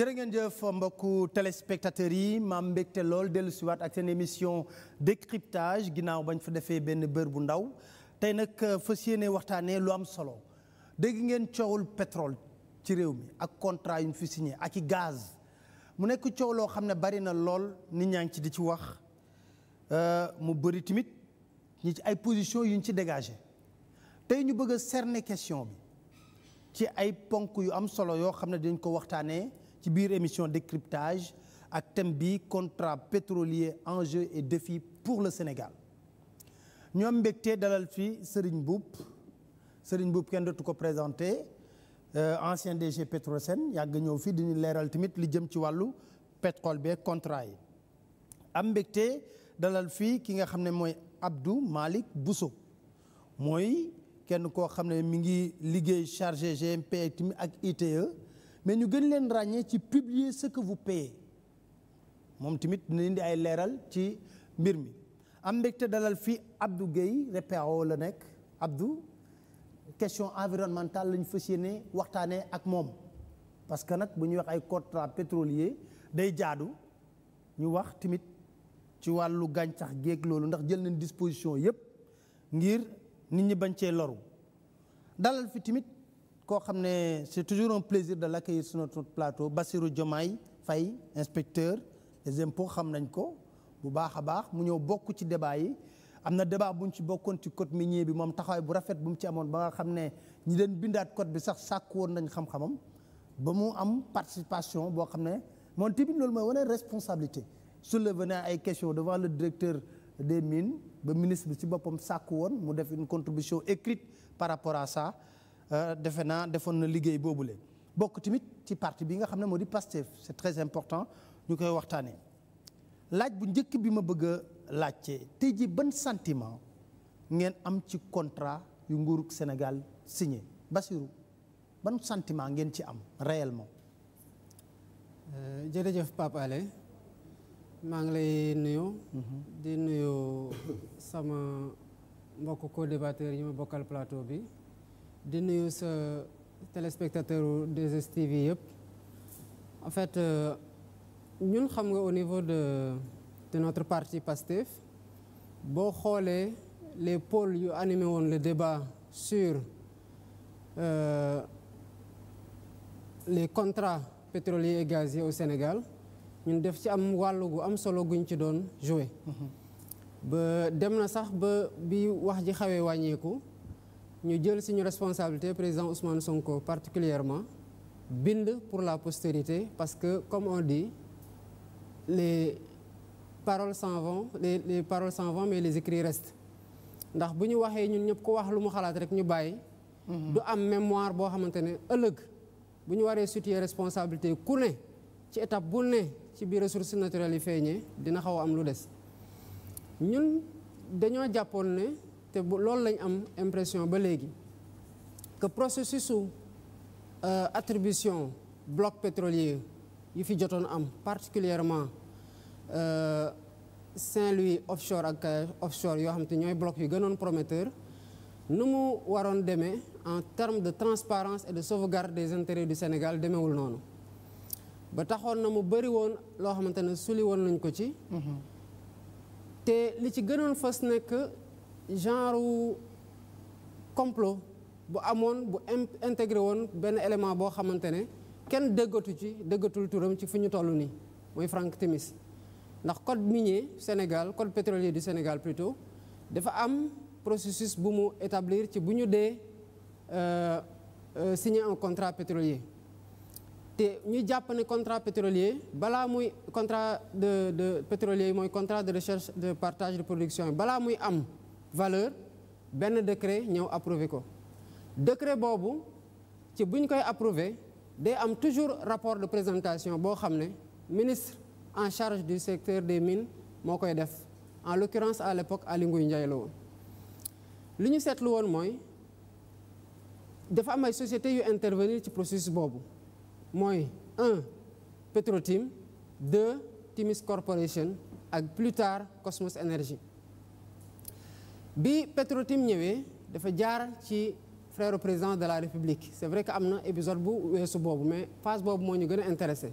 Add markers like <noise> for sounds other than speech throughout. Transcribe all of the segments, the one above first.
jërë ngeen jëf mbokku téléspectateurs yi maam mbégte lool dellu siwaat ak seen émission décryptage ginnaaw bañ fa defee benn bër bu ndaw tey nag euh, fas yéene waxtaanee lu am solo dégg ngeen coowul pétrole ci réew mi ak contrat yu ñu fi signé ak i gaz mu nekk coow loo xam ne bari na lool nit ñaa ngi ci di ci wax euh, mu bëri tamit ñi ci ay position yuñ ci dégagé tey ñu bëgg a cerner question bi ci ay ponk yu am solo yoo xam ne dañ ko waxtaanee. ci biir émission décryptage ak thème bi contra pétrolier enjeux et défis pour le Sénégal ñoom mbégte dalal fi Serigne Mboup Serigne Mboup kenn dootu ko présenté euh, ancien DG Petrosen yàgg ñëw fi di leeral tamit li jëm ci wàllu pétrole bee contrat yi am mbégte dalal fii ki nga xam ne mooy Abdou Malick Bousso mooy kenn koo xam ne mu ngi liggéey chargé GMP ak ITE mais ñu gën leen ràññee ci publier ce que vous payez moom tamit dina indi ay leeral ci mbir mi am mbégte dalal fii Abdou Guèye REPEAO la nekk Abdou question environnementale lañu fas yéene waxtaanee ak moom parce que nag bu ñuy wax ay contrat pétrolier day jaadu ñu wax tamit ci wàllu gàncax géeg loolu ndax jël nañ disposition yépp ngir nit ñi bañ cee loru dalal fi tamit koo xam ne c'est toujours un plaisir de l'accueillir sur notre plateau Bassirou jomaay fay inspecteur des impôts xam nañ ko bu baax a baax mu ñëw bokk ci débat yi am na débat buñ ci bokkoon ci code minier bi moom taxawaay bu rafet bu mu ci amoon ba nga xam ne ñi leen bindaat code bi sax sàkk woon nañ xam-xamam ba mu am participation boo xam ne moom tamit loolu mooy wane responsabilité soulever na ay question devant le directeur des mines ba ministre bi si boppam sàkk woon mu def une contribution écrite par rapport à ça Euh, defe naa defoon na liggéey boobu le bokk tamit ci partie bi nga xam ne moo di Pastef c'est très important ñu koy waxtaanee laaj bu njëkk bi ma bëgg a laajte tey ji ban santiment ngeen am ci contrat yu nguurug Sénégal signé basiru ban santiment ngeen ci am réellement. Euh, jërëjëf Pape Alé maa ngi lay nuyu. Mhm. di nuyu sama mbokk co-débatteur yi ma bokkal plateau bi. di nuyu sa téléspectateur des stv yëpp en fait euh, ñun xam nga au niveau de de notre parti PASTEF boo xoolee les pôles yu animé woon le débat sur euh, les contrats pétroliers et gaziers au Sénégal ñun def ci am wàllu gu am solo guñ ci doon jouer mm-hmm. ba dem na sax ba bi wax ji xawee wàññeeku ñu jël suñu responsabilité président Ousmane Sonko particulièrement bind pour la postérité parce que comme on dit les paroles s'en vont les les paroles s'en les écrits restent ndax bu ñu waxee ñun ñëpp ko wax lu mu xalaat rek ñu bàyyi. Mhm. du am mémoire boo xamante ne ëllëg bu ñu waree situer responsabilité ku ne ci étape bu ne ci biir ressources naturelles yi feeñee dina xaw a am lu des ñun dañoo jàppoon ne. te bu loolu lañ am impression ba léegi que processus su euh, attribution bloc pétrolier yi fi jotoon am particulièrement euh, Saint-Louis offshore ak euh, offshore yoo xam ñooy bloc yu gënoon prometteur nu mu waroon demee en termes de transparence et de sauvegarde des intérêts du Sénégal demewul noonu ba taxoon na mu bëri woon loo xamante ne suli woon nañ ko ci mm-hmm. te li ci gënoon fas nekk genre wu complot bu amoon bu intégré woon benn élément boo xamante ne kenn dëggatu ci dëggatul turam ci fu ñu toll nii mooy Franck Timis ndax code minier Sénégal code pétrolier du Sénégal plutôt dafa am processus bu mu établir ci bu ñu dee euh, euh, signer un contrat pétrolier te ñu jàpp ne contrat pétrolier balaa muy contrat de de pétrolier mooy contrat de recherche de partage de production balaa muy am valeur benn décret ñëw apprové ko décret boobu ci buñ koy approuvé day am toujours rapport de présentation boo xam ne ministre en charge du secteur des mines moo koy def en l'occurrence à l'époque Aly Ngouille Ndiaye la woon li ñu seetlu woon mooy dafa am ay sociétés yu intervenir ci processus boobu mooy un Petrotim deux Timis Corporation ak plus tard Cosmos Energy bi Petrotim ñëwee dafa jaar ci frère président de la république c'est vrai que am na épisode bu weesu boobu mais phase boobu moo ñu gën a intéressé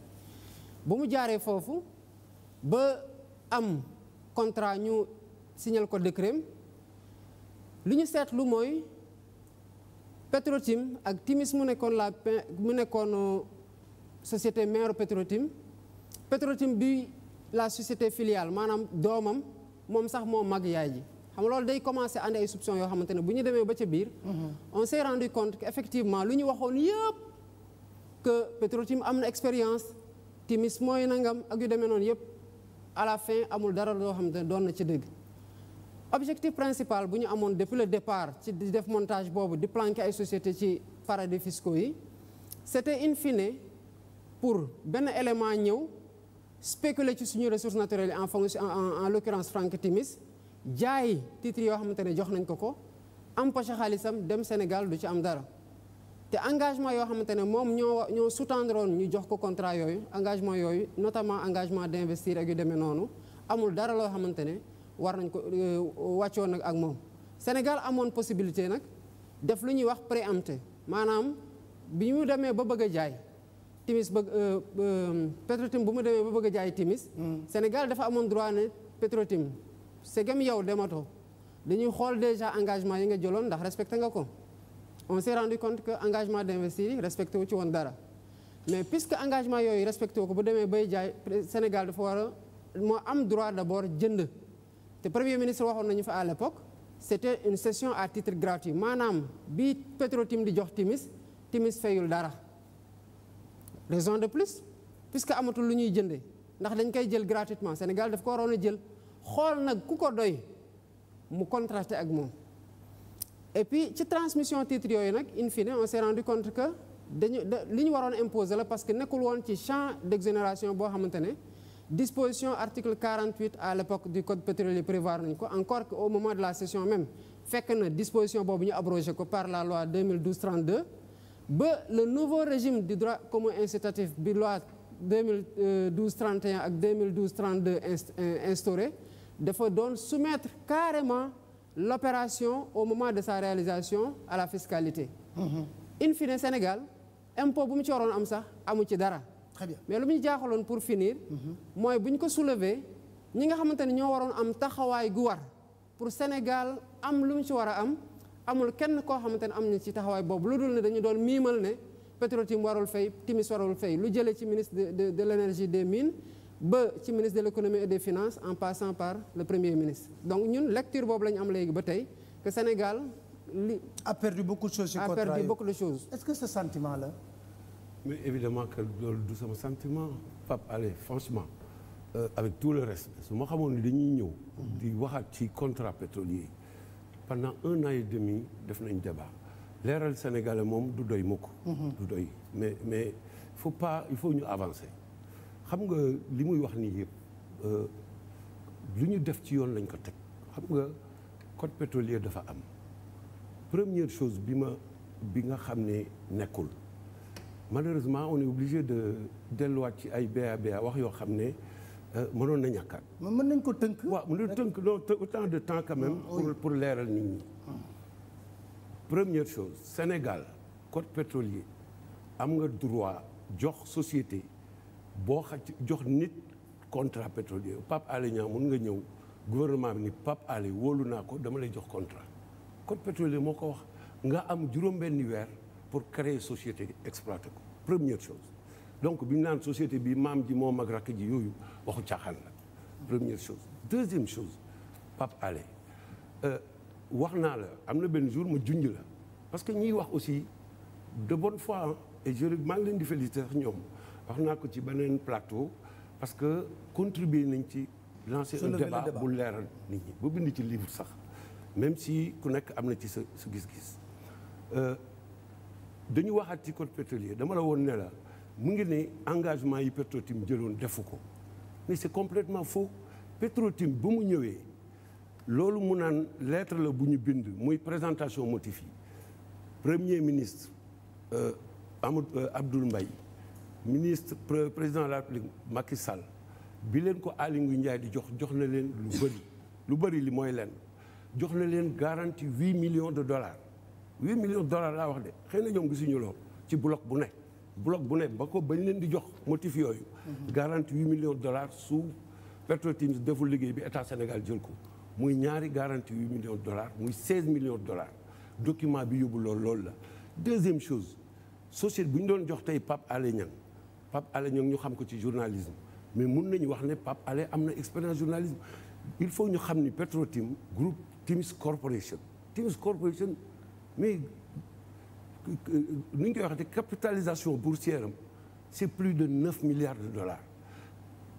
ba mu jaaree foofu ba am contrat ñu signal ko décret lu ñu seetlu mooy Petrotim ak Timis mu nekkoon la mu nekkoon euh, société mère Petrotim Petrotim bi la société filiale maanaam doomam moom sax moo mag yaay ji xam loolu day commencé andi ay soupçons yoo xamante ne bu ñu demee ba ca biir. Mhm. on s' est rendu compte que effectivement lu ñu waxoon yëpp que Petrotim am na expérience timis mooy nangam ak yu demee noonu yëpp à la fin amul dara loo xamante ne doon na ci dégg objectif principal bu ñu amoon depuis le départ ci di def montage boobu di planquer ay société ci paradis fiscaux yi c' était in fine pour benn élément ñëw spéculer ci suñu ressources naturelles en fonction en en, en l'occurrence Frank Timis. jaay titre yoo xamante ne jox nañ ko ko am empoché xaalisam dem Sénégal du ci am dara te engagement yoo xamante ne moom ñoo ñoo sous-tendroon ñu jox ko contrat yooyu engagement yooyu notament engagement d'investir ak yu demee noonu amul dara loo xamante ne war nañ ko euh, wàccoon nag ak moom Sénégal amoon possibilité nag def lu ñuy wax préempté maanaam bi mu demee ba bëgg a jaay timis bëgg euh, euh, Petrotim bu mu demee ba bëgg jaay timis hmm. Sénégal dafa amoon droit ne Petrotim segam yow demato dañuy xool déjà engagement yi nga jëloon ndax respecté nga ko on s'est rendu compte que engagement d'investir yi respecté wu ci woon dara mais puisque engagement yooyu respecté wu ko bu demee bay jaay Sénégal dafa war a moo am droit d'abord jënd te premier ministre waxoon nañu fa à l'époque c'était une session à titre gratuit maanaam bi Petro-Tim di jox Timis Timis fayul dara raison de plus puisque amatul lu ñuy jënde ndax dañ koy jël gratuitement Sénégal daf ko waroon a jël xool nag ku ko doy mu contracté ak moom et puis ci transmission titre yooyu nag in fine on s'est rendu compte que dañu li ñu waroon imposer la parce que nekkul woon ci champ d'exonération boo xamante ne disposition article 48 à l'époque du code pétrolier prévoir nañu ko encore que au moment de la session même fekk na disposition boobu ñu abrogé ko par la loi 2012 32 ba le nouveau régime du droit comme incitatif bi loi 2012 31 euh, ak 2012 32 euh, instauré dafa doon soumettre carrément l'opération au moment de sa réalisation à la fiscalité mm-hmm. in Sénégal impôt bu mu ci waroon am sax amu ci dara mais lu ñu jaaxaloon pour finir mm-hmm. mooy bu ñu ko soulever ñi nga xamante ne ñoo waroon am taxawaay gu war pour Sénégal am lu mu ci war a am amul kenn koo xamante ne am na ci taxawaay boobu lu dul ne dañu doon miimal ne petro warul fay timis warul fay lu jëlee ci ministre de de l'énergie des mines ba ci ministre de l'économie et des finances en passant par le premier ministre donc ñun lecture boobu lañu am léegi ba tey que Sénégal li. a perdu beaucoup de choses. a perdu beaucoup de est-ce que ce sentiment là. mais évidemment que du sama sentiment Pape Alé franchement euh, avec tout le reste su ma xamoon ni dañuy ñëw. di waxaat ci contrat pétrolier pendant un an et demi def nañ débat leeral sénégalais moom du doy mukk mhm. du doy mais mais il faut il faut ñu avancer. xam nga li muy wax nii yëpp euh, lu ñu def ci yoon lañ ko teg xam nga code pétrolier dafa am première chose bi ma bi nga xam ne nekkul malheureusement on est obligé de delluwaat ci ay BABA wax yoo xam ne euh, mënoon na ñàkkaat. mën nañ ko tënk. waaw mën nañ tënk non autant de temps quand même. pour pour leeral nit ñi. Ah. première chose Sénégal code pétrolier am nga droit jox société. boo xa jox nit contrat pétrolier Pape Alé Niang mun nga ñëw gouvernement bi ni Pape Alé wóolu naa ko dama lay jox contrat code pétrolier moo ko wax nga am juróom-benni weer pour créer société exploité ko première chose donc bi ñu naan société bi maam ji moo ak rakk ji yooyu waxu caaxaan la première chose deuxième chose Pape Alé euh, wax naa la am na benn jour ma junj la parce que ñiy wax aussi de bonne fois et je maa ngi leen di féliciter sax ñoom wax naa ko ci beneen plateau parce que contribuer nañ ci lancer un débat bu leeral nit ñi bu bind ci livre sax même si ku nekk am na ci sa su gis-gis euh, dañu waxaat ci code pétrolier dama la woon nela mu ngi ne engagement yi Petro-Tim jëloon defu ko mais c'est complètement faux Petro-Tim ba mu ñëwee loolu mu naan lettre la bu ñu bind muy présentation motif yi premier ministre euh, Amadou euh, Abdoul mbay ministre président la République Macky sal bi leen ko Aly Ngouille Ndiaye di jox jox na leen lu bëri lu bëri li mooy leen jox na leen garantie huit million de dollars huit millions de dollars laa wax de xëy na ñoom gisuñu loo ci bloc bu ne bloc bu ne ba ko bañ leen di jox motif yooyu mhm. garantie huit millions de dollars su Petrotim deful liggéey bi état Sénégal jël ko muy ñaari garantie huit million de dollars muy seize millions de dollars document bi yóbbu loolu loolu la deuxième chose société bu ñu doon jox tey Pape Alé Niang Pape Alé ñoom ñu xam ko ci journalisme mais mun nañu wax ne Pape Alé am na expérience journalisme il faut ñu xam ni Petrotim groupe Timis Corporation Timis Corporation mais euh, nu ñu wax de capitalisation boursière am c'est plus de neuf milliards de dollars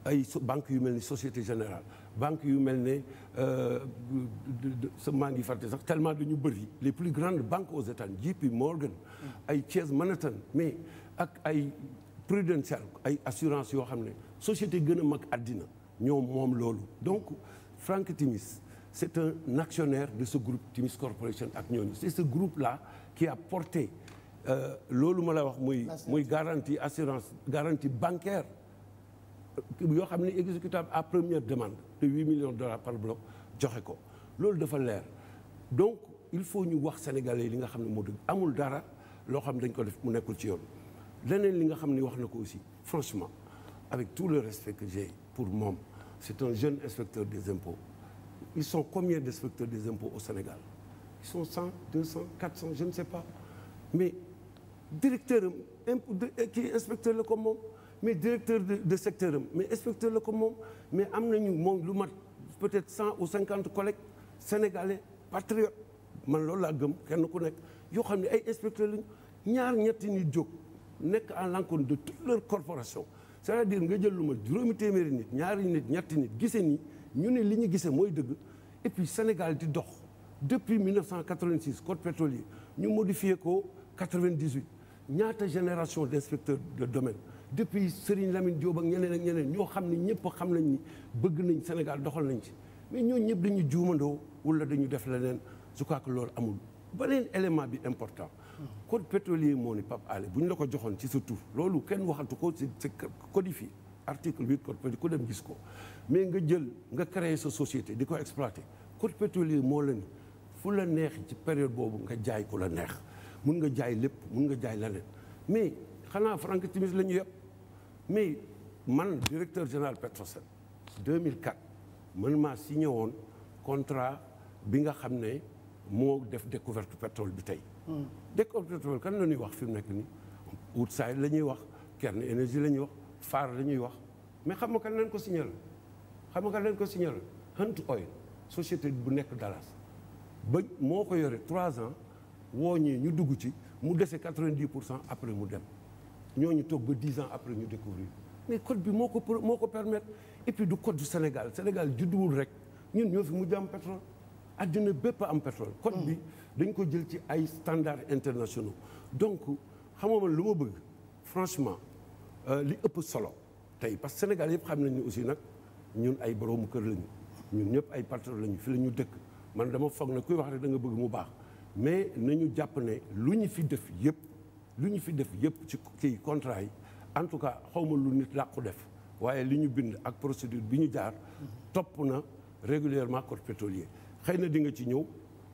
ay banque yu mel ni Société Générale banque yu mel ne euh, sa maa ngi fàtte sax tellement dañu bëri les plus grandes banques aux États-Unis JP Morgan mm. ay Chase Manhattan mais ak prudential ay assurance yoo xam ne société gën a mag àddina ñoom moom loolu donc Frank Timis c'est un actionnaire de ce groupe Timis Corporation ak ñooñu c'est ce groupe là qui a porté euh, loolu ma la wax muy muy garantie assurance garantie bancaire yoo xam ne exécutable à première demande de huit millions de dollars par bloc joxe ko loolu dafa leer donc il faut ñu wax sénégalais li nga xam ne moo dëgg amul dara loo xam dañ ko def mu nekkul ci yoon leneen li nga xam ne wax na ko aussi franchement avec tout le respect que j'ai pour moom c'est un jeune inspecteur des impôts ils sont combien d'inspecteurs des impôts au Sénégal ils sont 100 200 400 je ne sais pas mais directeur am euh, kii inspecteur la ko moom mais directeur de, de secteur am mais inspecteur la comme moom mais am nañu moom lu mat peut-être cent ou 50 collègues sénégalais patriotes man loolu laa gëm kenn ku nekk yoo xam ne ay inspecteurs lañu ñaar ñetti nit jóg nekk à l'encontre de toute leur corporation c'est-à-dire nga jël lu ma juróomi téeméeri nit ñaari nit ñetti nit gise ni ñu ne li ñu gise mooy dëgg et puis Sénégal di dox depuis 1986 code pétrolier ñu modifié ko 98 ñaata génération d'inspecteurs de domaine depuis Serigne Lamine Diop ak ñeneen ak ñeneen ñoo xam ne ñëpp xam nañ ni bëgg nañ Sénégal doxal nañ ci mais ñoo ñëpp dañu juumandoo wala dañu def leneen je crois que loolu amul beneen élément bi important code pétrolier moo ni Pape Alé bu ñu la ko joxoon ci sa tur loolu kenn waxatu ko c'est codifié article huit code pétrolier ku dem gis ko mais nga jël nga créer sa société di ko exploiter code pétrolier moo la ni fu la neex ci période boobu nga jaay ko la neex mun nga jaay lépp mun nga jaay leneen mais xanaa Frank Timis la ñu yëpp mais man directeur général Petrosen 2004 man maa signé woon contrat bi nga xam ne moo def découverte pétrole bi tey décomposé kan la ñuy wax fi mu nekk nii Woodside la ñuy wax Kern Energy la ñuy wax Far la ñuy wax mais xam nga kan lañ ko signalé xam nga kan lañ ko signalé Hunt Oil société bu nekk Dallas ba moo ko yore trois ans woo ñi ñu dugg ci mu dese quatre-vingt-dix pour cent après mu dem ñooñu toog ba dix ans après ñu découvrir mais code bi moo ko moo ko permettre et puis du code Sénégal Sénégal judduwul rek ñun ñoo fi mu jàmm pétrole àddina bépp am pétrole code bi dañ ko jël ci ay standards internationaux donc xam nga man lu ma bëgg franchement euh, li ëpp solo tey parce que Sénégal yëpp xam nañu aussi nag ñun ay boroomu kër lañu ñun ñëpp ay patron lañu fi la ñu dëkk man dama foog na kuy wax rek da bëgg mu baax mais nañu jàpp ne lu ñu fi def yëpp lu ñu fi def yëpp ci kii contrat yi en tout cas xaw ma lu nit làqu def waaye li ñu bind ak procédure bi ñu jaar topp na régulièrement code pétrolier xëy na di nga ci ñëw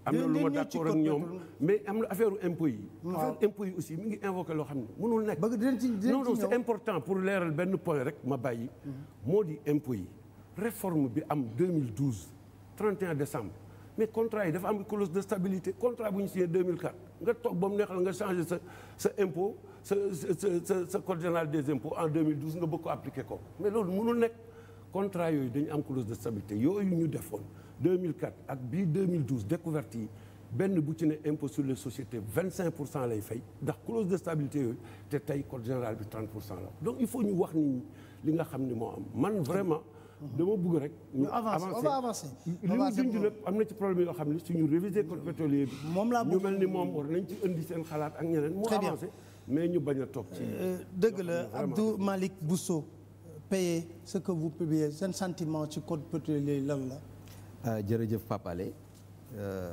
am na lu ma d'accord ak ñoom mais am na affaire impôt yi. aussi mi ngi invoqué loo xam ne mënul nekk. bëgg non non c'est important pour leeral benn point rek ma bàyyi. Mhm. moo di impôt yi réforme bi am 2012 31 décembre mais contrat yi dafa am clause de stabilité contrat bu ñu signé 2004 nga toog ba mu neexal nga changé sa sa impôt sa sa sa sa code général des impôts en nga bëgg ko appliqué ko mais loolu mënul nekk contrat yooyu dañu am clause de stabilité yooyu ñu defoon. 2004 ak bii 2012 découverte yi benn bu ci ne impôt sur les sociétés 25 pour cent lay fay ndax clause de stabilité yooyu te tey code général bi 30 pour cent la donc il faut ñu wax ni ñi li nga xam ni moo am man vraiment. dama bëgg rek. ñu avancer on va avancer. li mu dund nag am na ci problème yoo xam ne suñu réviser code pétrolier bi. moom laa bëgg ñu mel ni moom war nañ ci indi seen xalaat ak ñeneen. moo avancé mais ñu bañ a toog ci. Euh, dëgg la Abdou Malick Bousso. payez ce que vous publiez seen sentiment ci code pétrolier lan la. Euh, jërëjëf Pape Alé euh,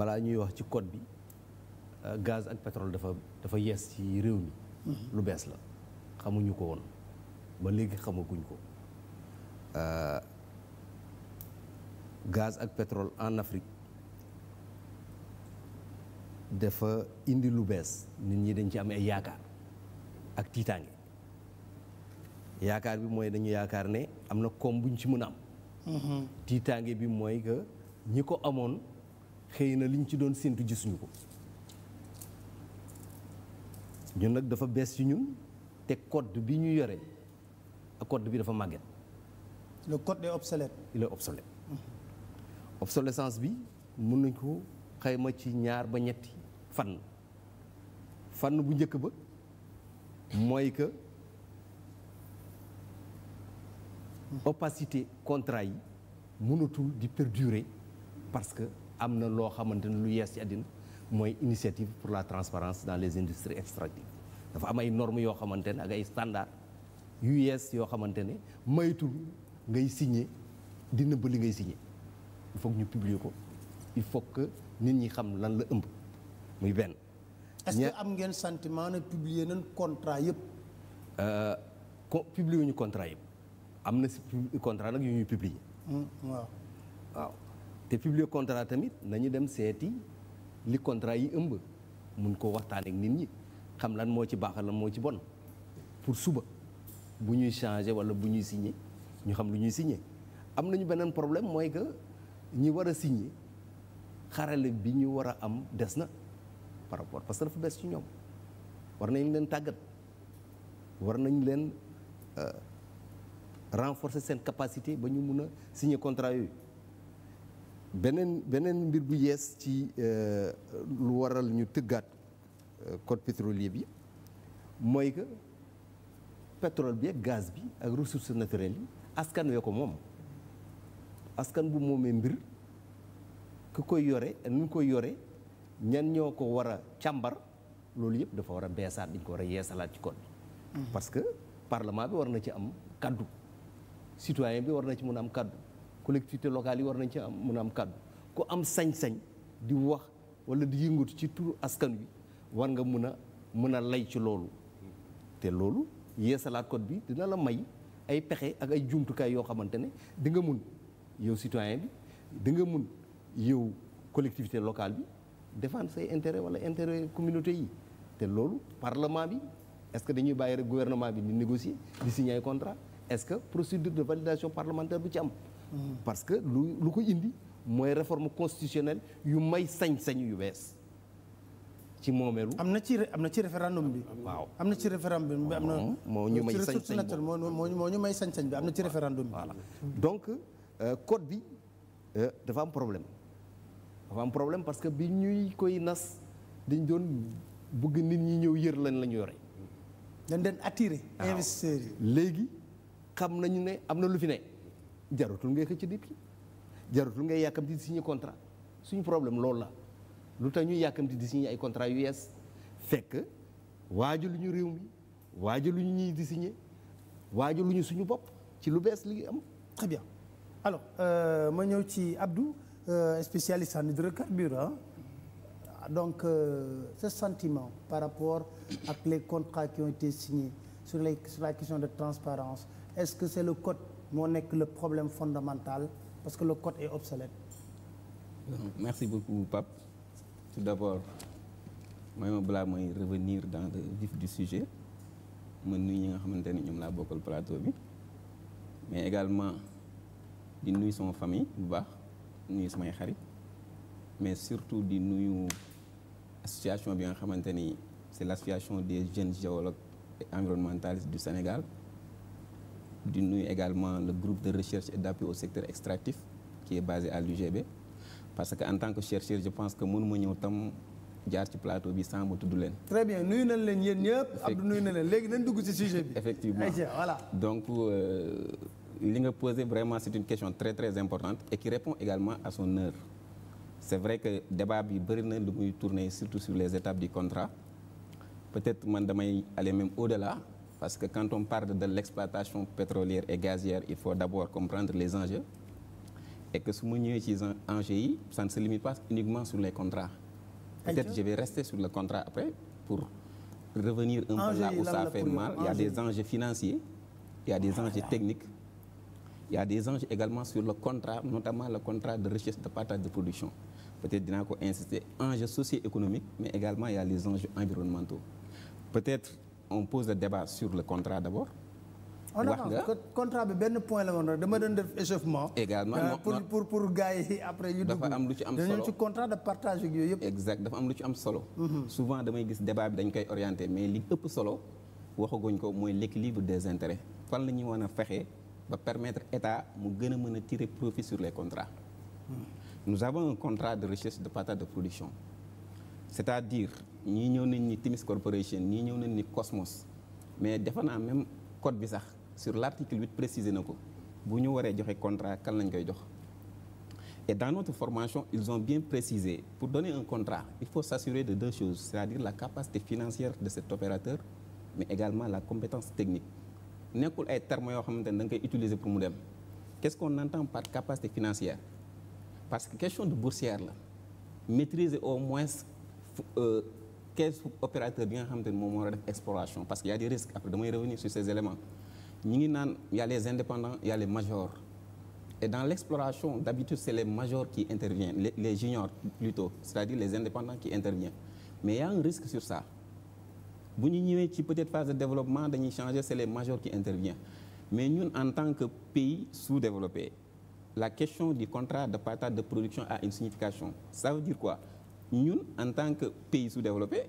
balaa ñuy wax ci code bi euh, gaz ak pétrole dafa dafa yees ci réew mi. Mhm. lu bees la xamuñu ko woon ba léegi xamaguñ ko gaz ak pétrole en Afrique dafa indi lu bees nit ñi dañ ci am ay yaakaar ak tiitaange yaakaar bi mooy dañu yaakaar ne am na koom buñ ci mun a am. tiitaange bi mooy que ñi ko amoon xëy na liñ ci doon séntu gisuñu ko ñun nag dafa bees ci ñun te kodd bi ñu yore code bi dafa màgget. le code est obsolète. il est obsolescence bi mën nañ ko xayma ci ñaar ba ñetti fànn fànn bu njëkk ba mooy que. opacité contrat yi mënatul di perdurer parce que am na loo xamante ne lu yees ci àddina mooy initiative pour la transparence dans les industries extractives dafa am ay normes yoo xamante ne ak ay standards yu yees yoo xamante ne maytul ngay signer dina nëbb li ngay signer il faut ñu publier ko il faut que nit ñi xam lan la ëmb muy benn. est que am ngeen sentiment ne publier nañ contrat yëpp. ko euh, publier wuñu contrat yëpp. am na si contrat nag yu ñuy publier. Mm, waaw te publier contrat tamit nañu dem seeti li contrat yi ëmb mun koo waxtaan ak nit ñi xam lan moo ci baax lan moo ci bon pour suba bu ñuy changer wala bu ñuy signer ñu xam lu ñuy signer am nañu beneen problème mooy que ñi war a signer xarale bi ñu war a am des na par rapport parce que dafa bees ci ñoom war nañ leen tàggat war nañ leen. Euh, renforcer seen capacité ba ñu mun a signer contrat yooyu beneen beneen mbir bu yees ci euh, lu waral ñu tëggaat euh, code pétrolier bi mooy que pétrole bi ak gaz bi ak ressources naturelles yi askan wee ko moom askan bu moomee mbir ki koy yore nu ñu koy yore ñan ñoo ko war a càmbar loolu yëpp dafa war a beesaat dañ ko war a yeesalaat ci code bi mm-hmm. parce que parlement bi war na ci am kàddu citoyen bi war na ci mun am kàddu collectivité local yi war na ci am mun am kàddu ku am sañ-sañ di wax wala di yëngatu ci turu askan bi war nga mun a mën a lay ci loolu te loolu yeesalaat code bi dina la may ay pexe ak ay jumtukaay yoo xamante ne di nga mun yow citoyen bi di nga mun yow collectivité local bi défendre say intérêt wala intérêt communauté yi te loolu parlement bi est-ce que dañuy bàyyi rek gouvernement bi di négocier di signer contrat est-ce que procédure de validation parlementaire bu ci am. Hmm. parce que lu lu ko indi mooy réforme constitutionnelle yu may sañ-sañ yu bees ci moomeelu. am na ci am na ci référendum bi. Ah, waaw am na ci référendum bi am na. moo ñu may sañ-sañ naturelle moo ñu may sañ-sañ bi am na ci référendum bi. voilà donc euh, code bi euh, dafa am problème dafa am problème parce que bi ñuy koy nas dañ doon bëgg nit ñi ñëw yër lañ lañu ñu yore. dañ leen attirer investisseurs yi léegi. xam nañu ne am na lu fi ne jarutul ngay xëcc déppi jarutul ngay yàkkamti di signer contrat suñu problème loolu la lu tax ñuy yàkkamti di signer ay contrat yu yees fekk waaju lu ñu réew mi waaju lu ñu ñuy di signer waaju lu ñu suñu bopp ci lu bees li am très bien alors euh, ma ñëw ci Abdou euh, spécialiste en hydrocarbures donc euh, ce sentiment par rapport ak les contrats qui ont été signés sur les sur la question de transparence est-ce que c'est le code moo nekk le problème fondamental parce que le code est obsolète merci beaucoup Pape tout d'abord mooy ma balaa mooy revenir dans le vif du sujet ma nuyu ñi nga xamante ni ñoom laa bokkal plateau bi mais également di nuyu sama famille bu baax nuyu samay xarit mais surtout di nuyu association bi nga xamante ni c'est l'association des jeunes géologues et du Sénégal di nuyu également le groupe de recherche et d'appui au secteur extractif qui est basé à l'UGB parce que en tant que chercheur je pense que mënuma ñëw tam jaar ci plateau bi sans ma tudd leen. très bien nuyu nañ leen yéen ñëpp. Abdou nuyu na leen léegi nañ dugg ci sujet bi. voilà. donc euh, li nga pose vraiment c'est une question très très importante et qui répond également à son heure. c'est vrai que débat bi bëri na lu muy tourner surtout sur les étapes du contrat peut-être man damay aller même au-delà. Parce que quand on parle de l'exploitation pétrolière et gazière, il faut d'abord comprendre les enjeux. Et que ce mouvement utilisant enjeux, yi, ça ne se limite pas uniquement sur les contrats. Peut-être je vais rester sur le contrat après pour revenir un enjeux peu là ça fait mal. Il y a des enjeux financiers, il a des enjeux techniques, il a des enjeux également sur le contrat, notamment le contrat de richesse de partage de production. Peut-être dinaa ko insister enjeux socio mais également il y a on pose le débat sur le contrat d'abord oh, wax nga contrat bi benn point la woon rek dama doon def échauffement. également euh, pour pour pour gars yi après. yu dugg dafa am lu ci am solo dañu ci contrat de partage ak yooyu yëpp. am lu ci am solo. Mhm. souvent damay gis débat bi dañ koy orienté mais li ëpp solo waxaguñ ko mooy l'équilibre des intérêts. fan la ñuy mën a fexe ba permettre état mu gën a mën a tirer profit sur les contrat mhm. nous avons un contrat de recherche de partage de production. c'est-à-dire ñii ñëw nañ ni Timis Corporation ñii ñëw nañ ni Cosmos mais defe naa même code bi sax sur l'article 8 précisé na ko bu ñu waree joxe contrat kan lañ koy jox et dans notre formation ils ont bien précisé pour donner un contrat il faut s'assurer de deux choses c'est-à-dire la capacité financière de cet opérateur mais également la compétence technique nekkul ay termes yoo xamante ne da koy utiliser pour mu dem qu'est-ce qu'on entend par capacité financière parce que question de boursière la maîtriser au moins Euh, quinze opérateur bi nga xamante ni moom moo def exploration parce que y a des risques après damay revenir sur ces éléments ñi ngi naan y a les indépendants y a les majors et dans l'exploration d'habitude c'est les majors qui interviennent les, les juniors plutôt c'est-à-dire les indépendants qui interviennent mais y a un risque sur ça bu ñu ñëwee ci peut-être phase de développement dañuy changer c'est les majors qui interviennent mais ñun en tant que pays sous-développé la question du contrat de partage de production a une signification ça quoi ñun en tant que pays sous-développé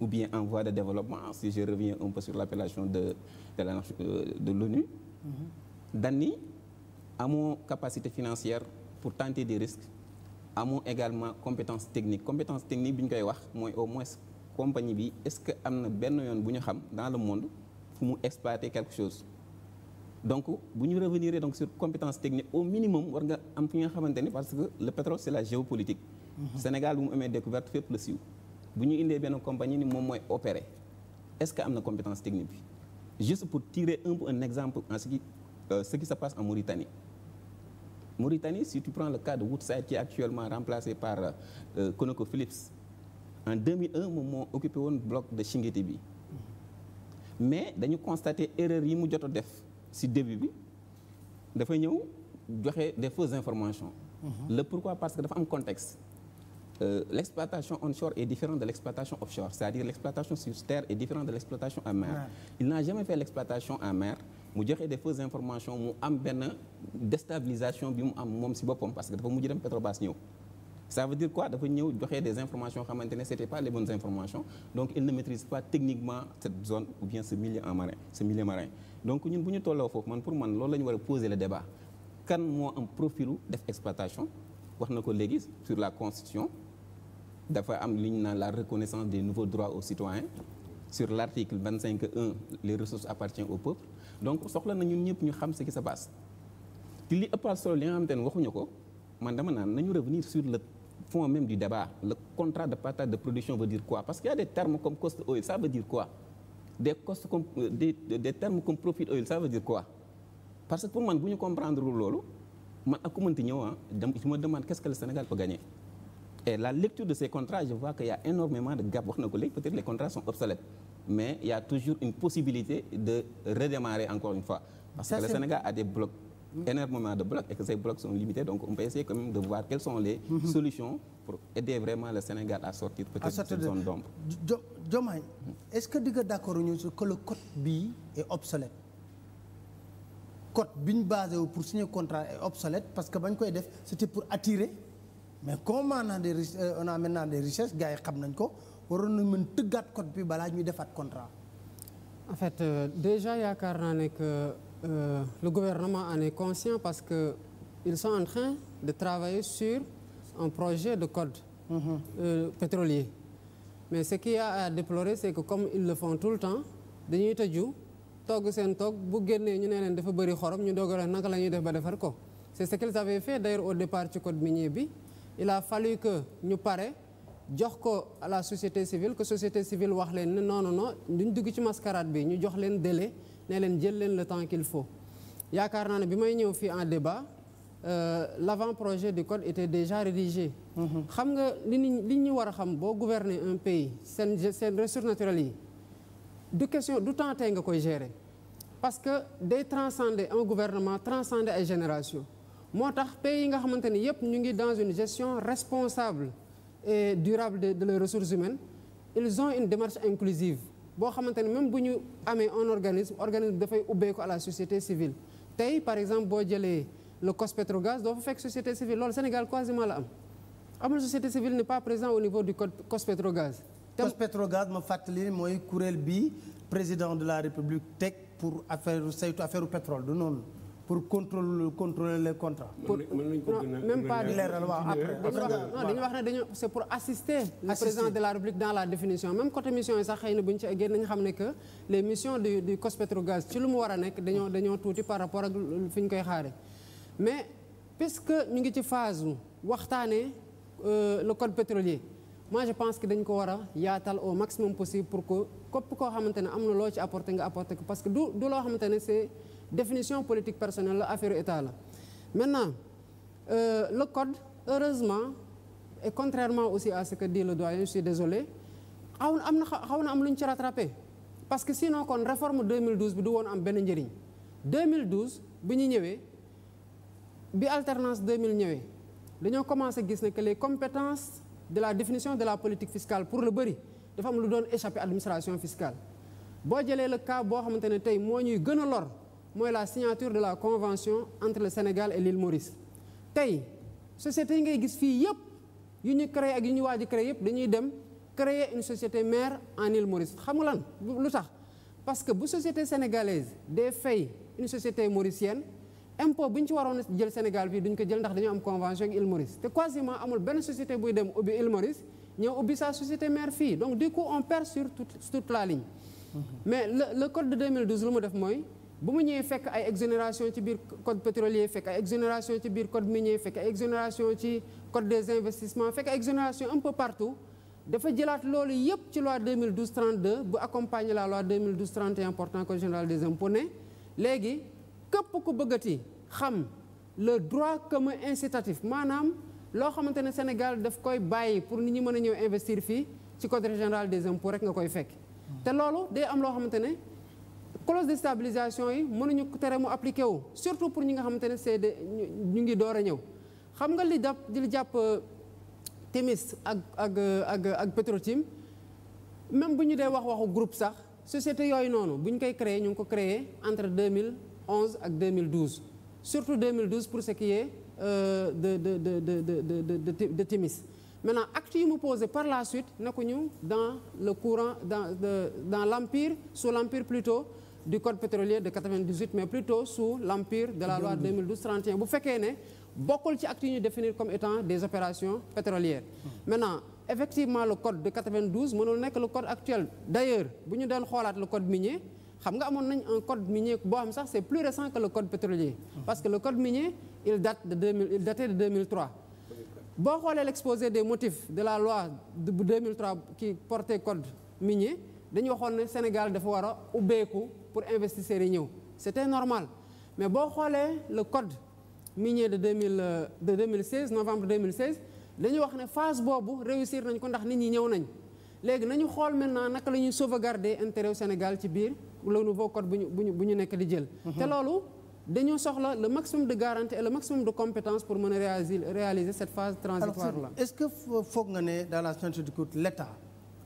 ou bien en de développement si je reviens un peu sur l'appellation de de la euh, de l'ONU mm-hmm. dañi amoo capacité financière pour tenter des risques amoo également compétence technique compétence technique bi ñu koy wax mooy au mois compagnie bi est-ce que am na benn yoon bu ñu xam dans le monde fu mu exploiter quelque chose donc bu ñu revenir donc sur compétence technique au minimum war nga am fi nga xamante ni parce que le pétrole c'est la géopolitique Sénégal bu mu amee découverte fépp la siiw bu ñu indee benn compagnie ni moom mooy opérer est-ce que am na compétence technique bi juste pour tirer un peu un exemple en ce qui euh, ce qui se passe en Mauritanie Mauritanie si tu prends le cas de Woodside qui est actuellement remplacé par euh, ConocoPhillips en moom moo occupe woon bloc de Chinguetti bi mais dañu constater erreur yi mu jot a def si début bi dafa ñëw joxe des fausses information mm-hmm. le pourquoi parce que dafa am contexte. euh, l'exploitation onshore est différente de l'exploitation offshore, c'est-à-dire l'exploitation sur terre est différente de l'exploitation en mer. Il n'a jamais fait l'exploitation en mer. mu joxe des fausses informations mu am benn déstabilisation bi mu am moom si boppam parce que dafa mujj dem Petrobras ñëw ça veut dire quoi dafa ñëw joxe des informations xamante ne c'était pas les bonnes informations donc il ne maîtrise pas techniquement cette zone ou bien ce milieu en ñun bu ñu tolloo foofu man pour man loolu la ñu war a poser le débat kan moo am profilu def wax na ko léegi sur la constitution dafa am li ñu naan la reconnaissance des nouveaux droits aux citoyens sur l' article vingt cinq un les ressources appartiennent au peuple donc soxla na ñun ñëpp ñu xam ce qui se passe te li ëppal solo li nga xamante waxuñu ko man dama naan nañu revenir sur le fond même du débat le contrat de partage de production veut dire quoi parce que y a des termes comme cost oil ça veut dire quoi des cost comme euh, des, des termes comme profit oil ça veut dire quoi parce que pour man bu ñu comprendre loolu man ak ku mënti ñëw ah je me demande qu'est-ce Sénégal peut Et la lecture de ces contrats, je vois qu'il y a énormément de gaps. Peut-être les contrats sont obsolètes, mais il y a toujours une possibilité de redémarrer encore une fois. Parce que le Sénégal a des blocs, mm. énormément de blocs, et que ces blocs sont limités. Donc on peut essayer quand mm-hmm. le Sénégal à sortir peut-être de mm. d'accord que est obsolète Le code B basé pour signer parce que c'était pour attirer mais comme on a des riches, euh, on des richesses gars yi xam nañ ko waroon na mën tëggaat code bi balaa ñuy defaat contrat. en fait euh, déjà yaakaar naa ne que euh, le gouvernement en est conscient parce que ils sont en de travailler sur un projet de code. Mm -hmm. euh, pétrolier. mais ce qu'il y a déplorer c'est que comme ils le font tout le temps dañuy tëju togg seen toog bu génnee ñu ne leen dafa bëri xorom ñu doog a naka la ñuy def ba defar ko. c'est ce qu'ils avaient fait d'ailleurs au départ ci code minier bi. il a fallu que ñu pare jox ko à la société civile que société civile wax leen ne non non non duñ dugg ci mascarade bi ñu jox leen délé ne leen jël leen le temps qu'il faut yaakaar naa ne bi may ñëw fii en débat euh, l'avant-projet du code était déjà rédigé. Mhm. xam nga li ñu li ñu war a xam boo gouverner un pays seen seen ressources naturelles yi du question du temps tey nga koy gérer parce que day transcender un gouvernement transcender ay génération moo tax pays yi nga xamante ni yëpp ñu ngi dans une gestion responsable et durable de de les ressources humaines ils ont une démarche inclusive boo xamante ni même bu ñu amee en organisme organisme dafay ubbeeku à la société civile tey par exemple boo jëlee le COS-Petrogaz doo fa fekk société civile lool Sénégal quasiment la am amul société civile n'est pas présent au niveau du COS-Petrogaz COS-Petrogaz ma fàttali mooy kuréel bi président de la République teg pour affaire saytu affaire pétrole du noonu pour contrôler contrôler les contrats. pour même pas di leeral dañu wax ne dañu c'est pour assister. le président de la République dans la définition même côté yi sax xëy na ci génn nga xam ne que les du du COS-Petrogaz ci lu mu war nekk dañoo tuuti par rapport ak fi ñu koy xaaree. mais puisque ñu ngi ci phase su waxtaanee euh, le code pétrolier moi je pense que dañ ko war a yaatal au maximum possible pour que képp koo xamante ne am na loo ci apporter nga définition politique personnelle la affaire état la maintenant euh, le code heureusement et contrairement aussi à ce que dit le doyen je suis désolé xaw na am na xaw na am lu ñu ci rattrapé parce que sinon kon réforme 2012 bi du woon am benn njëriñ 2012 bi ñu ñëwee bi alternance 2000 ñëwee dañoo commencé gis ne que les compétences de la définition de la politique fiscale pour le bëri dafa am lu doon échappé administration fiscale boo jëlee la cas boo xamante ne tey moo ñuy gën a lor mooy la signature de la convention entre le Sénégal et l'île Maurice tey société yi ngay gis fii yëpp yu ñu créé ak yu ñu waaj a créé yëpp dañuy dem créer une société mère en île Maurice nga lan lu tax parce que bu société sénégalaise day fay une société mauricienne impôt bu ñu ci waroon jël Sénégal fii duñ ko jël ndax dañu am convention ak île te quasiment amul benn société buy dem ubbi île Maurice ñëw ubbi sa société maire fii donc du coup on perd sur toute mmh. mais le le de 2012 lu mu bu mu ñëwee fekk ay exonération ci biir code pétrolier fekk ay exonération ci biir code minier fekk ay exonération ci code des investissements fekk ay exonération un peu partout dafa jëlaat loolu yépp ci loi 2012 32 bu accompagner la loi 2012 31 portant code général des impôts ne léegi képp ku bëggati xam le droit commun incitatif maanaam loo xamante ne Sénégal daf koy bàyyi pour nit ñi mën a ñëw investir fii ci code général des impôts rek nga koy fekk te loolu clause de stabilisation yi mënuñu tere mu appliqué wu surtout pour ñi nga xamante ne c'est de ñu ngi door a ñëw xam nga li jàpp di jàpp euh, Témis ak ak euh, ak ak Petrotim même bu ñu dee wax waxu groupe sax société yooyu noonu bu ñu koy créé ñu ngi ko créé entre 2011 ak 2012 surtout 2012 pour ce qui est euh, de de de de de de de Témis maintenant acte yi mu posé par la suite na ko ñu dans le courant dans dans l'empire sous l'empire plutôt di code pétrolier de 98 mais plutôt sous l'empire de la loi 2012-31 bu fekkee ne bokkul ci actes yi ñu définir comme étant des opérations pétrolières maintenant effectivement le code de 92 mënul nekk le code actuel d'ailleurs bu ñu doon xoolaat le code minier xam nga amoon nañ en code minier boo xam sax c'est plus récent que le code pétrolier parce que le code minier il date de 2000 il datait de 2003 boo xoolee l'exposé des motifs de la loi dañu waxoon ne Sénégal dafa war a ubbeeku pour investisseurs yi ñëw c'était normal mais boo xoolee le code minier de 2000 de 2016 novembre 2016 dañu wax ne phase boobu réussir nañ ko ndax nit ñi ñëw nañ léegi nañu xool maintenant naka la ñuy sauvegarder intérêt au Sénégal ci biir le nouveau code bu ñu bu ñu nekk di jël. Mhm. te loolu dañoo soxla le maximum de garantie et le maximum de compétence pour mën a réaliser réaliser cette phase transitoire là. est-ce que foog nga ne dans la de du l l'État